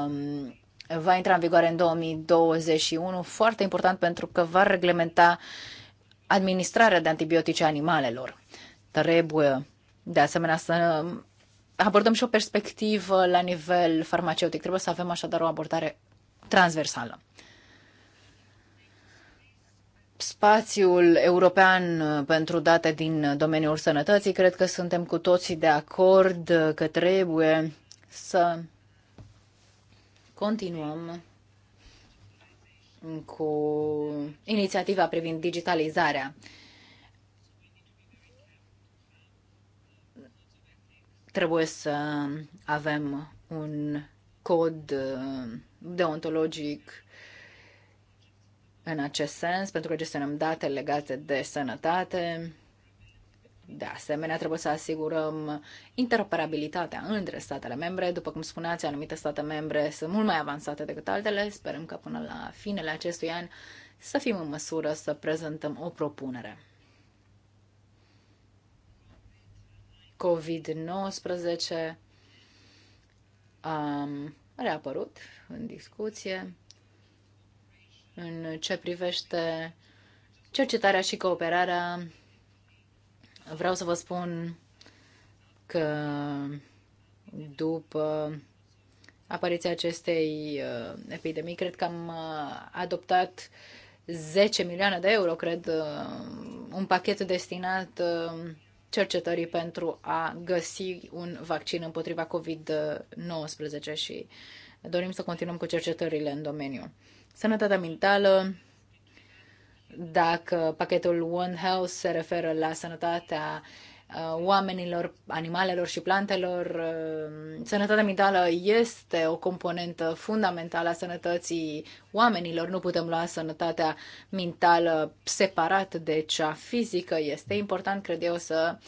um, va intra în vigoare în 2021, foarte important pentru că va reglementa administrarea de antibiotice animalelor. Trebuie, de asemenea, să abordăm și o perspectivă la nivel farmaceutic. Trebuie să avem așadar o abordare transversală spațiul european uh, pentru date din uh, domeniul sănătății, cred că suntem cu toții de acord uh, că trebuie să continuăm cu inițiativa privind digitalizarea. Trebuie să avem un cod deontologic în acest sens, pentru că gestionăm date legate de sănătate. De asemenea, trebuie să asigurăm interoperabilitatea între statele membre. După cum spuneați, anumite state membre sunt mult mai avansate decât altele. Sperăm că până la finele acestui an să fim în măsură să prezentăm o propunere. COVID-19 um, a reapărut în discuție în ce privește cercetarea și cooperarea. Vreau să vă spun că după apariția acestei uh, epidemii, cred că am uh, adoptat 10 milioane de euro, cred, uh, un pachet destinat cercetării pentru a găsi un vaccin împotriva COVID-19 și dorim să continuăm cu cercetările în domeniu sănătatea mentală, dacă pachetul One Health se referă la sănătatea uh, oamenilor, animalelor și plantelor. Uh, sănătatea mentală este o componentă fundamentală a sănătății oamenilor. Nu putem lua sănătatea mentală separat de cea fizică. Este important, cred eu, să uh,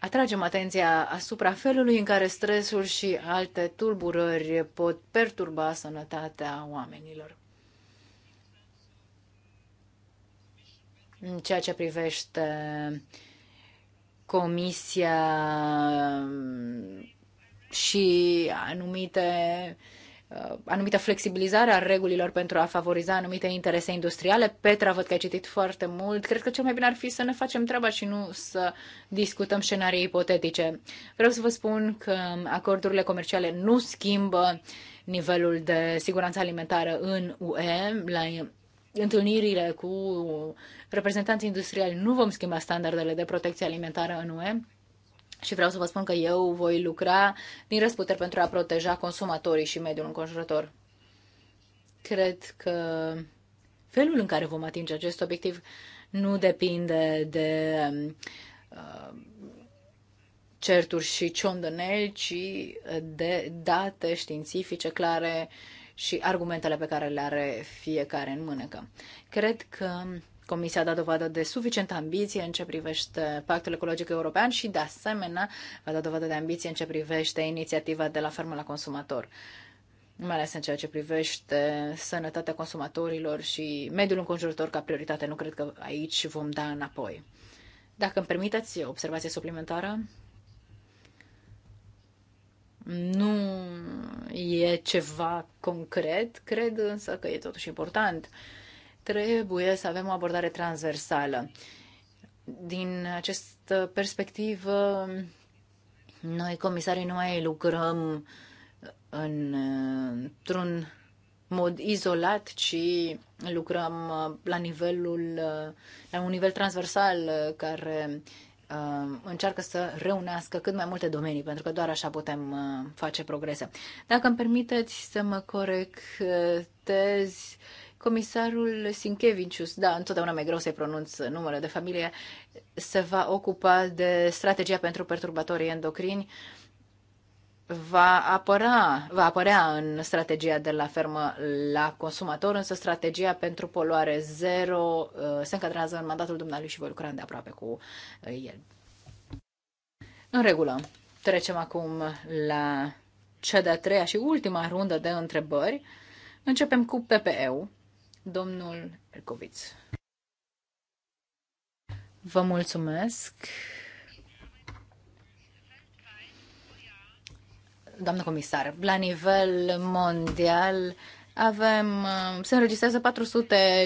atragem atenția asupra felului în care stresul și alte tulburări pot perturba sănătatea oamenilor. În ceea ce privește comisia și anumite uh, Uh, anumită flexibilizare a regulilor pentru a favoriza anumite interese industriale. Petra, văd că ai citit foarte mult. Cred că cel mai bine ar fi să ne facem treaba și nu să discutăm scenarii ipotetice. Vreau să vă spun că acordurile comerciale nu schimbă nivelul de siguranță alimentară în UE. La întâlnirile cu reprezentanții industriali nu vom schimba standardele de protecție alimentară în UE și vreau să vă spun că eu voi lucra din răsputeri pentru a proteja consumatorii și mediul înconjurător. Cred că felul în care vom atinge acest obiectiv nu depinde de um, uh, certuri și ciondăneli, ci de date științifice clare și argumentele pe care le are fiecare în mânecă. Cred că Comisia a dat dovadă de suficientă ambiție în ce privește Pactul Ecologic European și, de asemenea, a dat dovadă de ambiție în ce privește inițiativa de la fermă la consumator, mai ales în ceea ce privește sănătatea consumatorilor și mediul înconjurător ca prioritate. Nu cred că aici vom da înapoi. Dacă îmi permiteți o observație suplimentară, nu e ceva concret, cred însă că e totuși important. Uh, trebuie să avem o abordare transversală. Din această perspectivă, noi, comisarii, nu mai lucrăm în, într-un mod izolat, ci lucrăm uh, la nivelul, uh, la un nivel transversal uh, care încearcă să reunească cât mai multe domenii, pentru că doar așa putem face progrese. Dacă îmi permiteți să mă corectez, Comisarul Sinkevicius, da, întotdeauna mai greu să-i pronunț numele de familie, se va ocupa de strategia pentru perturbatorii endocrini va, apăra, va apărea în strategia de la fermă la consumator, însă strategia pentru poluare zero uh, se încadrează în mandatul dumnealui și voi lucra de aproape cu uh, el. În regulă, trecem acum la cea de-a treia și ultima rundă de întrebări. Începem cu PPE-ul domnul Ercoviț. Vă mulțumesc. Doamnă comisar, la nivel mondial avem, se înregistrează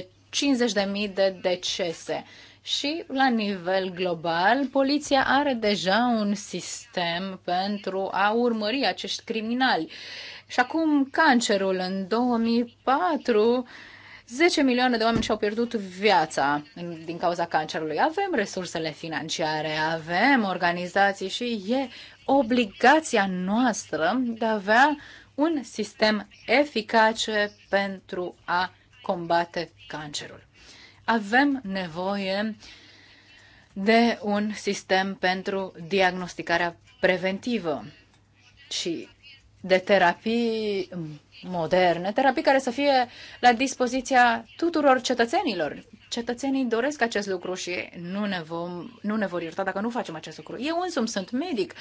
450.000 de decese și la nivel global poliția are deja un sistem pentru a urmări acești criminali. Și acum cancerul în 2004 10 milioane de oameni și-au pierdut viața din cauza cancerului. Avem resursele financiare, avem organizații și e obligația noastră de a avea un sistem eficace pentru a combate cancerul. Avem nevoie de un sistem pentru diagnosticarea preventivă și de terapii moderne, terapii care să fie la dispoziția tuturor cetățenilor. Cetățenii doresc acest lucru și nu ne, vom, nu ne vor ierta dacă nu facem acest lucru. Eu însumi sunt medic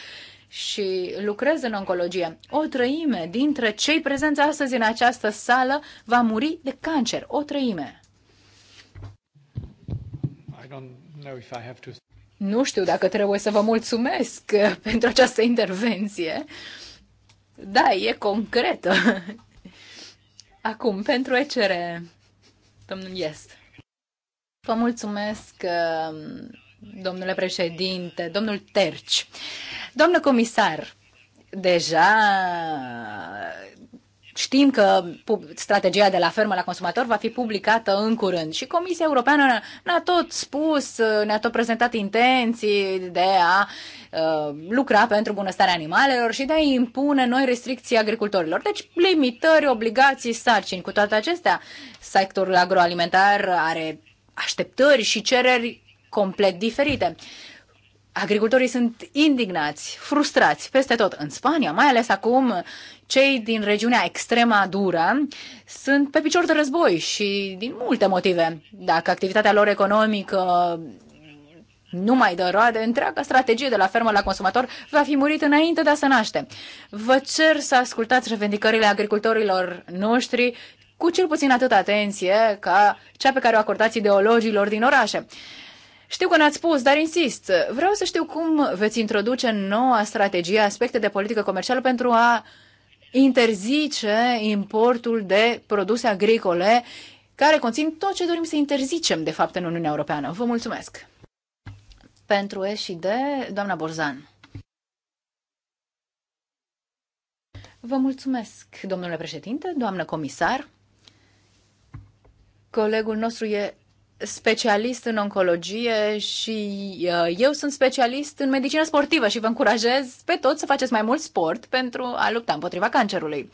și lucrez în oncologie. O trăime dintre cei prezenți astăzi în această sală va muri de cancer. O trăime. To... Nu știu dacă trebuie să vă mulțumesc pentru această intervenție. Da, e concretă. Acum, pentru ECR, domnul Iest. Vă mulțumesc, um, domnule președinte, domnul Terci. Domnul comisar, deja Știm că strategia de la fermă la consumator va fi publicată în curând și Comisia Europeană ne-a tot spus, ne-a tot prezentat intenții de a uh, lucra pentru bunăstarea animalelor și de a impune noi restricții agricultorilor. Deci limitări, obligații, sarcini. Cu toate acestea, sectorul agroalimentar are așteptări și cereri complet diferite. Agricultorii sunt indignați, frustrați peste tot în Spania, mai ales acum cei din regiunea extrema dură sunt pe picior de război și din multe motive. Dacă activitatea lor economică nu mai dă roade, întreaga strategie de la fermă la consumator va fi murit înainte de a se naște. Vă cer să ascultați revendicările agricultorilor noștri cu cel puțin atât atenție ca cea pe care o acordați ideologilor din orașe. Știu că ne-ați spus, dar insist, vreau să știu cum veți introduce noua strategie aspecte de politică comercială pentru a interzice importul de produse agricole care conțin tot ce dorim să interzicem, de fapt, în Uniunea Europeană. Vă mulțumesc! Pentru E și de doamna Borzan. Vă mulțumesc, domnule președinte, doamnă comisar. Colegul nostru e specialist în oncologie și uh, eu sunt specialist în medicină sportivă și vă încurajez pe toți să faceți mai mult sport pentru a lupta împotriva cancerului.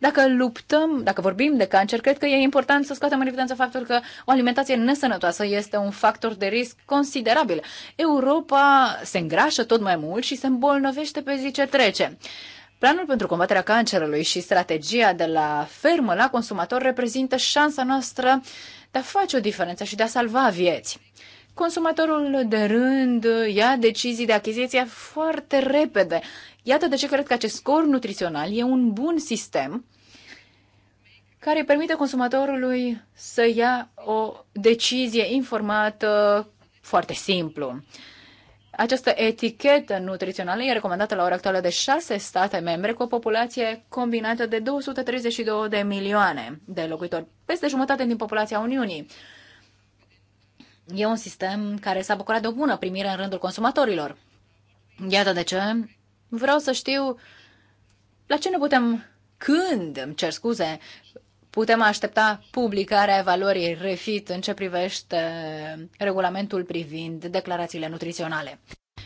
Dacă luptăm, dacă vorbim de cancer, cred că e important să scoatem în evidență faptul că o alimentație nesănătoasă este un factor de risc considerabil. Europa se îngrașă tot mai mult și se îmbolnăvește pe zi ce trece. Planul pentru combaterea cancerului și strategia de la fermă la consumator reprezintă șansa noastră uh, de a face o diferență și de a salva vieți. Consumatorul de rând ia decizii de achiziție foarte repede. Iată de ce cred că acest scor nutrițional e un bun sistem care permite consumatorului să ia o decizie informată foarte simplu. Această etichetă nutrițională e recomandată la ora actuală de șase state membre cu o populație combinată de 232 de milioane de locuitori, peste jumătate din populația Uniunii. E un sistem care s-a bucurat de o bună primire în rândul consumatorilor. Iată de ce vreau să știu la ce ne putem, când, îmi cer scuze, putem aștepta publicarea evaluării refit în ce privește uh, regulamentul privind declarațiile nutriționale.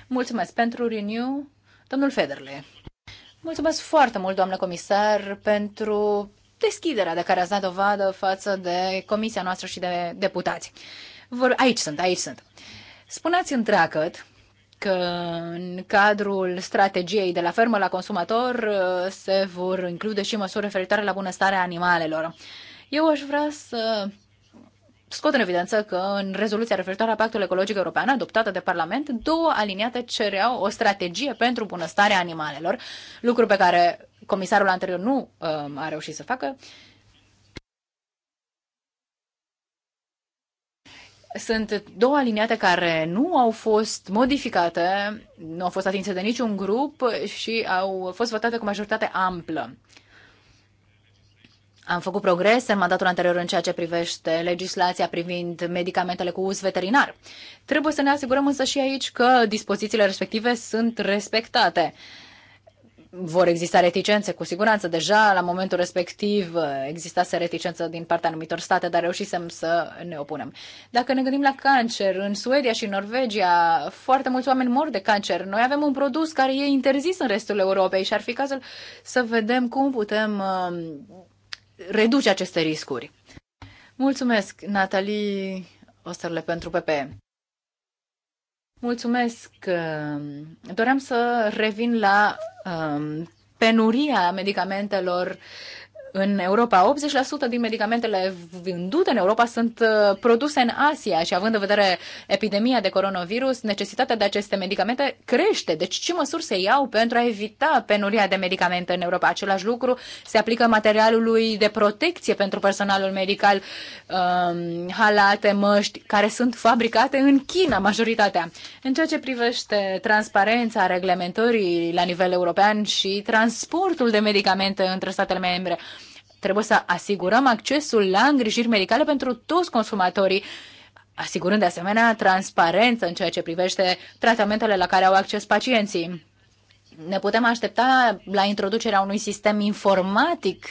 Mulțumesc pentru Renew, domnul Federle. Mulțumesc foarte mult, doamnă comisar, pentru deschiderea de care ați dat dovadă față de comisia noastră și de deputați. Vor, aici sunt, aici sunt. Spuneați întreagăt că în cadrul strategiei de la fermă la consumator uh, se vor include și măsuri referitoare la bunăstarea animalelor. Eu aș vrea să scot în evidență că în rezoluția referitoare la Pactul Ecologic European adoptată de Parlament, două aliniate cereau o strategie pentru bunăstarea animalelor, lucru pe care comisarul anterior nu uh, a reușit să facă, Sunt două aliniate care nu au fost modificate, nu au fost atinse de niciun grup și au fost votate cu majoritate amplă. Am făcut progrese în mandatul anterior în ceea ce privește legislația privind medicamentele cu uz veterinar. Trebuie să ne asigurăm însă și aici că dispozițiile respective sunt respectate vor exista reticențe, cu siguranță. Deja la momentul respectiv existase reticență din partea anumitor state, dar reușisem să ne opunem. Dacă ne gândim la cancer, în Suedia și în Norvegia, foarte mulți oameni mor de cancer. Noi avem un produs care e interzis în restul Europei și ar fi cazul să vedem cum putem um, reduce aceste riscuri. Mulțumesc, Natalie Osterle, pentru PPE. Mulțumesc. Doream să revin la um, penuria medicamentelor în Europa, 80% din medicamentele vândute în Europa sunt uh, produse în Asia și având în vedere epidemia de coronavirus, necesitatea de aceste medicamente crește. Deci ce măsuri se iau pentru a evita penuria de medicamente în Europa? Același lucru se aplică materialului de protecție pentru personalul medical, um, halate, măști, care sunt fabricate în China, majoritatea. În ceea ce privește transparența reglementării la nivel european și transportul de medicamente între statele membre, Trebuie să asigurăm accesul la îngrijiri medicale pentru toți consumatorii, asigurând de asemenea transparență în ceea ce privește tratamentele la care au acces pacienții. Ne putem aștepta la introducerea unui sistem informatic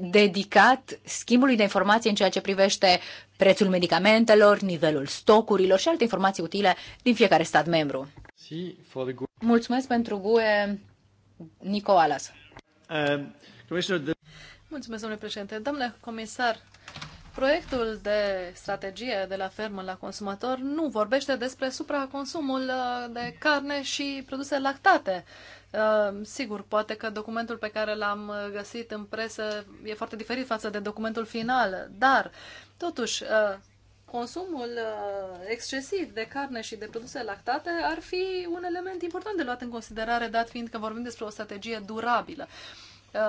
dedicat schimbului de informații în ceea ce privește prețul medicamentelor, nivelul stocurilor și alte informații utile din fiecare stat membru. Mulțumesc pentru GUE, Nico Alas. Uh, Mulțumesc, domnule președinte. Domnule comisar, proiectul de strategie de la fermă la consumator nu vorbește despre supraconsumul uh, de carne și produse lactate. Uh, sigur, poate că documentul pe care l-am uh, găsit în presă e foarte diferit față de documentul final, dar, totuși, consumul excesiv de carne și de produse lactate ar fi un element important de luat în considerare, dat fiind că vorbim despre o strategie durabilă. Uh,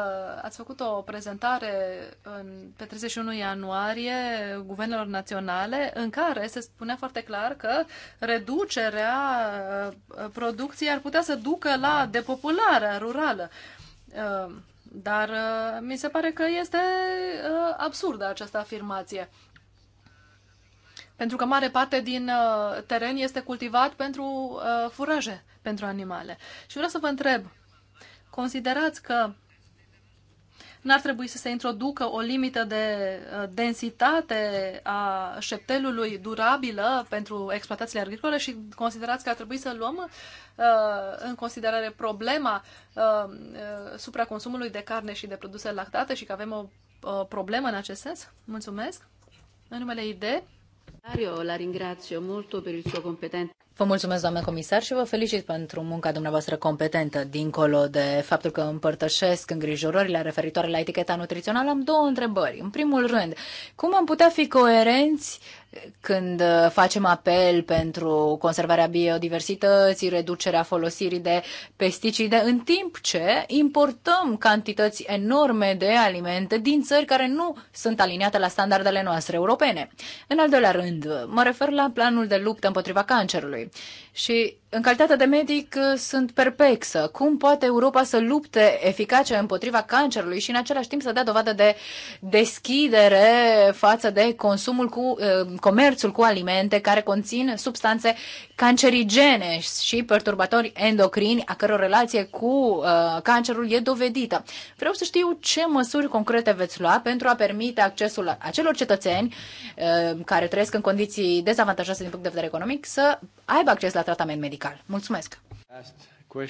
ați făcut o prezentare în, pe 31 ianuarie guvernelor naționale în care se spunea foarte clar că reducerea uh, producției ar putea să ducă la depopularea rurală. Uh, dar mi se pare că este absurdă această afirmație. Pentru că mare parte din teren este cultivat pentru furaje, pentru animale. Și vreau să vă întreb, considerați că N-ar trebui să se introducă o limită de uh, densitate a șeptelului durabilă pentru exploatațiile agricole și considerați că ar trebui să luăm uh, în considerare problema uh, supraconsumului de carne și de produse lactate și că avem o problemă în acest sens? Mulțumesc! În numele idei la ringrazio molto per il suo competent. Vă mulțumesc, doamnă comisar, și vă felicit pentru munca dumneavoastră competentă. Dincolo de faptul că împărtășesc îngrijorările referitoare la eticheta nutrițională, am două întrebări. În primul rând, cum am putea fi coerenți când uh, facem apel pentru conservarea biodiversității, reducerea folosirii de pesticide, în timp ce importăm cantități enorme de alimente din țări care nu sunt aliniate la standardele noastre europene. În al doilea rând, mă refer la planul de luptă împotriva cancerului. Și în calitate de medic uh, sunt perplexă. Cum poate Europa să lupte eficace împotriva cancerului și în același timp să dea dovadă de deschidere față de consumul cu uh, comerțul cu alimente care conțin substanțe cancerigene și perturbatori endocrini, a căror relație cu uh, cancerul e dovedită. Vreau să știu ce măsuri concrete veți lua pentru a permite accesul acelor cetățeni care trăiesc în condiții dezavantajoase din punct de vedere economic să aibă acces la tratament medical. Mulțumesc! Uh,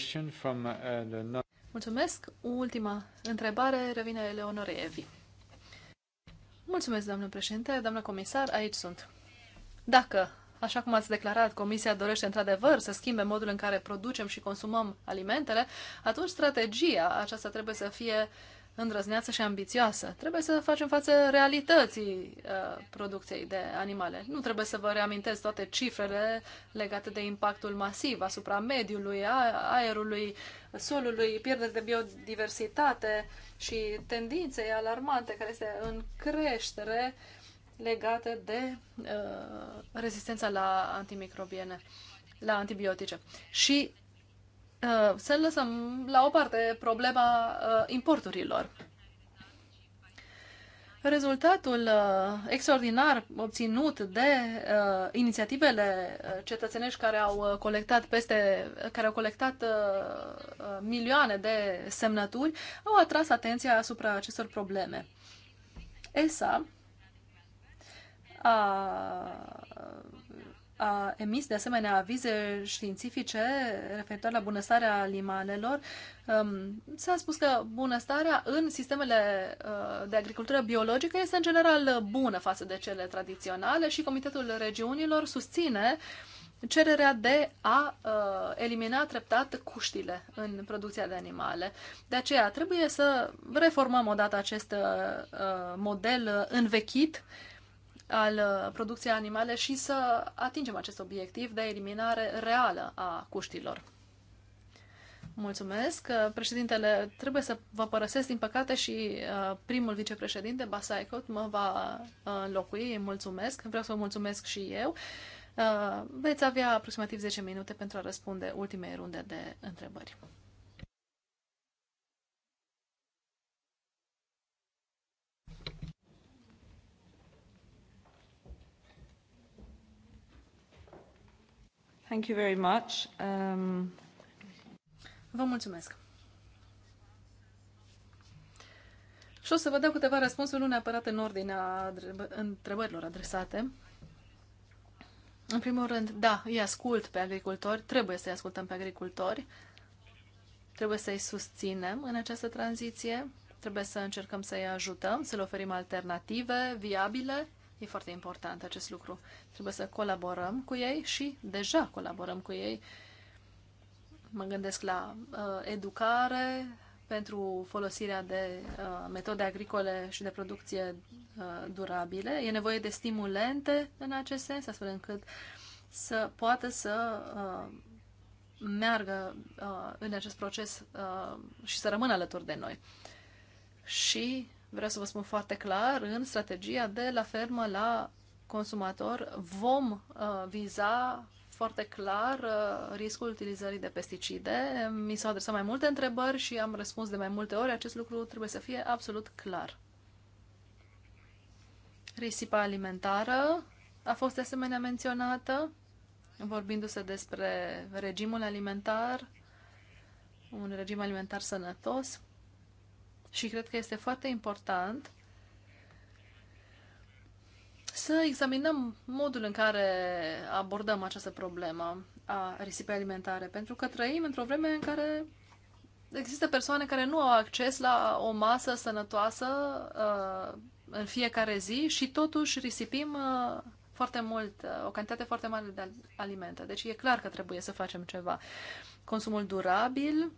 Mulțumesc! Ultima întrebare revine Eleonore Evi. Mulțumesc, doamnă președinte, doamnă comisar, aici sunt. Dacă, așa cum ați declarat, Comisia dorește într-adevăr să schimbe modul în care producem și consumăm alimentele, atunci strategia aceasta trebuie să fie uh, îndrăzneață și ambițioasă. Trebuie să facem față realității uh, producției de animale. Nu trebuie să vă reamintesc toate cifrele legate de impactul masiv asupra mediului, aerului, solului, pierderi de biodiversitate și tendinței alarmante care este în creștere legate de uh, rezistența la antimicrobiene, la antibiotice. Și Uh, să lăsăm la o parte problema uh, importurilor. Rezultatul uh, extraordinar obținut de inițiativele cetățenești care au colectat peste care au colectat milioane de semnături au atras atenția asupra acestor probleme. ESA a a emis de asemenea avize științifice referitor la bunăstarea animalelor. Um, s-a spus că bunăstarea în sistemele uh, de agricultură biologică este în general bună față de cele tradiționale și Comitetul Regiunilor susține cererea de a uh, elimina treptat cuștile în producția de animale. De aceea trebuie să reformăm odată acest uh, uh model învechit uh, al uh, producției animale și să atingem acest obiectiv de eliminare reală a cuștilor. Mulțumesc. Uh, președintele, trebuie să vă părăsesc, din păcate, și uh, primul vicepreședinte, Basaicot, mă va înlocui. mulțumesc. Vreau să vă mulțumesc și eu. Veți avea aproximativ 10 minute pentru a răspunde ultimei runde de întrebări. Thank you very much. Um... Vă mulțumesc. Și o să vă dau câteva răspunsuri, nu neapărat în ordinea întrebărilor adresate. În primul rând, da, îi ascult pe agricultori, trebuie să-i ascultăm pe agricultori, trebuie să-i susținem în această tranziție, trebuie să încercăm să-i ajutăm, să le oferim alternative viabile E foarte important acest lucru. Trebuie să colaborăm cu ei și deja colaborăm cu ei. Mă gândesc la uh, educare pentru folosirea de uh, metode agricole și de producție uh, durabile. E nevoie de stimulente în acest sens, astfel încât să poată să uh, meargă uh, în acest proces uh, și să rămână alături de noi. Și vreau să vă spun foarte clar, în strategia de la fermă la consumator vom uh, viza foarte clar uh, riscul utilizării de pesticide. Mi s-au adresat mai multe întrebări și am răspuns de mai multe ori. Acest lucru trebuie să fie absolut clar. Risipa alimentară a fost de asemenea menționată, vorbindu-se despre regimul alimentar, un regim alimentar sănătos și cred că este foarte important să examinăm modul în care abordăm această problemă a risipei alimentare, pentru că trăim într-o vreme în care există persoane care nu au acces la o masă sănătoasă uh, în fiecare zi și totuși risipim uh, foarte mult, uh, o cantitate foarte mare de alimente. Deci e clar că trebuie să facem ceva. Consumul durabil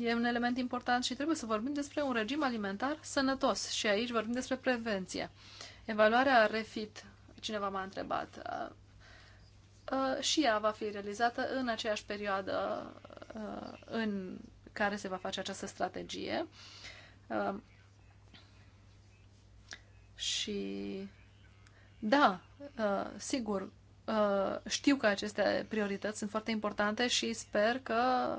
E un element important și trebuie să vorbim despre un regim alimentar sănătos. Și aici vorbim despre prevenție. Evaluarea REFIT, cineva m-a întrebat, și ea va fi realizată în aceeași perioadă în care se va face această strategie. Și da, sigur, Uh, știu că aceste priorități sunt foarte importante și sper că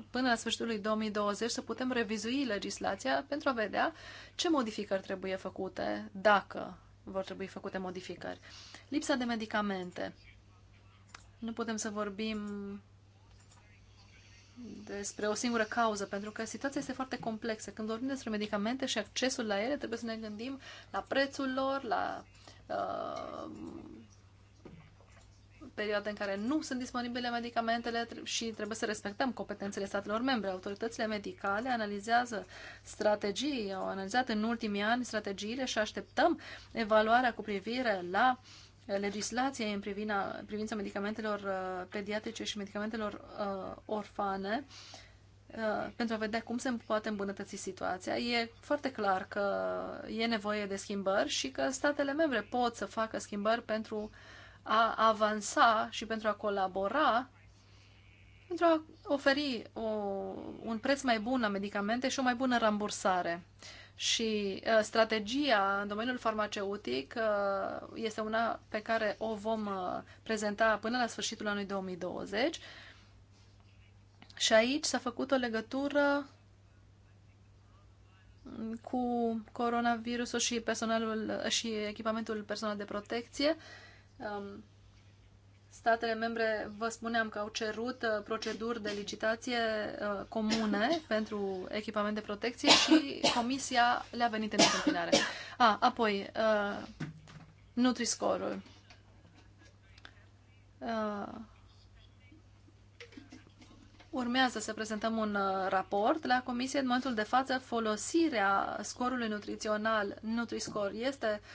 până la sfârșitul lui 2020 să putem revizui legislația pentru a vedea ce modificări trebuie făcute, dacă vor trebui făcute modificări. Lipsa de medicamente. Nu putem să vorbim despre o singură cauză, pentru că situația este foarte complexă. Când vorbim despre medicamente și accesul la ele, trebuie să ne gândim la prețul lor, la uh, perioade în care nu sunt disponibile medicamentele și trebuie să respectăm competențele statelor membre. Autoritățile medicale analizează strategii, au analizat în ultimii ani strategiile și așteptăm evaluarea cu privire la legislație în privina, privința medicamentelor uh, pediatrice și medicamentelor uh, orfane uh, pentru a vedea cum se poate îmbunătăți situația. E foarte clar că e nevoie de schimbări și că statele membre pot să facă schimbări pentru uh, a avansa și pentru a colabora, pentru a oferi o, un preț mai bun la medicamente și o mai bună rambursare. Și uh, strategia în domeniul farmaceutic uh, este una pe care o vom uh, prezenta până la sfârșitul anului 2020. Și aici s-a făcut o legătură cu coronavirusul și personalul uh, și echipamentul personal de protecție. Uh, Um, statele membre, vă spuneam că au cerut uh, proceduri de licitație uh, comune pentru echipament de protecție și comisia le-a venit în întâmpinare. Ah, apoi, uh, Nutri-Score-ul. Uh, Urmează să prezentăm un uh, raport la comisie. În momentul de față, folosirea scorului nutrițional, NutriScore, este uh,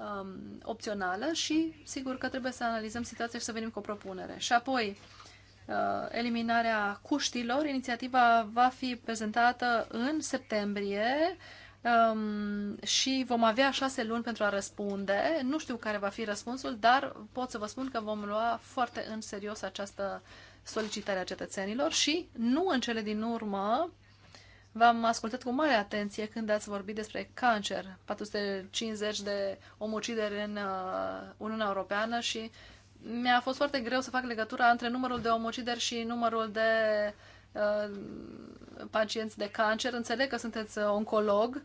um, opțională și sigur că trebuie să analizăm situația și să venim cu o propunere. Și apoi, uh, eliminarea cuștilor, inițiativa va fi prezentată în septembrie um, și vom avea șase luni pentru a răspunde. Nu știu care va fi răspunsul, dar pot să vă spun că vom lua foarte în serios această solicitare a cetățenilor și nu în cele din urmă, V-am ascultat cu mare atenție când ați vorbit despre cancer, 450 de omucideri în uh, Uniunea Europeană și mi-a fost foarte greu să fac legătura între numărul de omucideri și numărul de uh, pacienți de cancer. Înțeleg că sunteți uh, oncolog,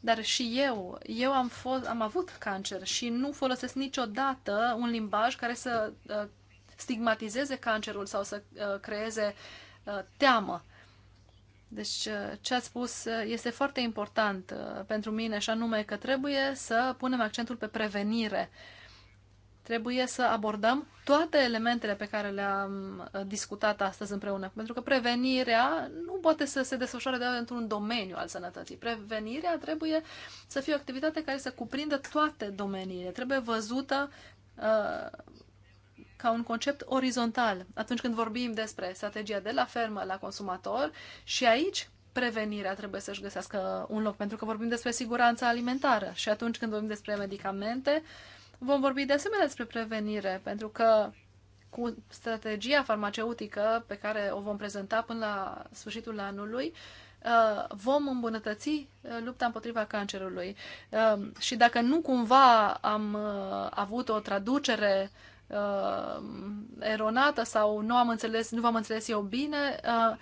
dar și eu, eu am, fost, am avut cancer și nu folosesc niciodată un limbaj care să uh, stigmatizeze cancerul sau să uh, creeze uh, teamă. Uh, deci uh, ce ați spus uh, este foarte important uh, pentru mine și anume că trebuie să punem accentul pe prevenire. Trebuie să abordăm toate elementele pe care le-am discutat astăzi împreună, pentru că prevenirea nu poate să se desfășoare doar într-un domeniu al sănătății. Prevenirea trebuie să fie o activitate care să cuprindă toate domeniile. Trebuie văzută uh, ca un concept orizontal atunci când vorbim despre strategia de la fermă la consumator și aici prevenirea trebuie să-și găsească un loc, pentru că vorbim despre siguranța alimentară și atunci când vorbim despre medicamente, vom vorbi de asemenea despre prevenire, pentru că cu strategia farmaceutică pe care o vom prezenta până la sfârșitul anului, uh, vom îmbunătăți uh, lupta împotriva cancerului. Uh, și dacă nu cumva am avut o traducere uh, eronată sau nu am înțeles, nu v-am înțeles eu bine, uh,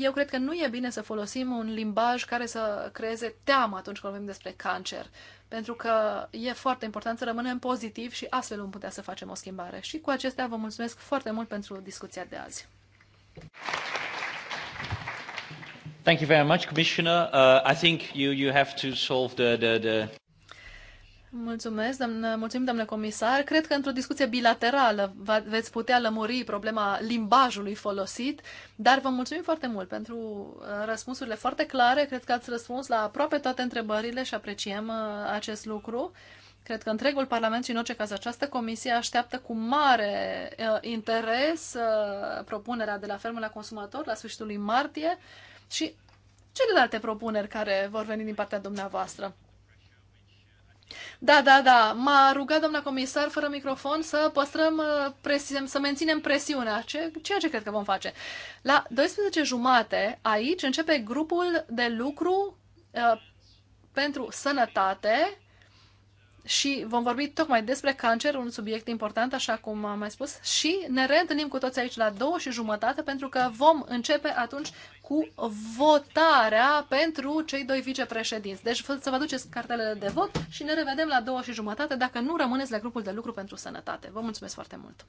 eu cred că nu e bine să folosim un limbaj care să creeze teamă atunci când vorbim despre cancer. Pentru că e foarte important să rămânem pozitiv și astfel vom putea să facem o schimbare. Și cu acestea vă mulțumesc foarte mult pentru discuția de azi. Thank you very much, Commissioner. Uh, I think you, you have to solve the, the, the... Mulțumesc, doamnă, mulțumim, doamnă comisar. Cred că într-o discuție bilaterală veți putea lămuri problema limbajului folosit, dar vă mulțumim foarte mult pentru uh, răspunsurile foarte clare. Cred că ați răspuns la aproape toate întrebările și apreciem uh, acest lucru. Cred că întregul Parlament și, în orice caz, această comisie așteaptă cu mare uh, interes uh, propunerea de la fermă la consumator la sfârșitul lui martie și celelalte propuneri care vor veni din partea dumneavoastră. Da, da, da. M-a rugat doamna comisar, fără microfon, să păstrăm, uh, să menținem presiunea, ceea ce cred că vom face. La 12 jumate, aici, începe grupul de lucru uh, pentru sănătate și vom vorbi tocmai despre cancer, un subiect important, așa cum am mai spus, și ne reîntâlnim cu toți aici la două și jumătate, pentru că vom începe atunci cu votarea pentru cei doi vicepreședinți. Deci să vă duceți cartelele de vot și ne revedem la două și jumătate dacă nu rămâneți la grupul de lucru pentru sănătate. Vă mulțumesc foarte mult!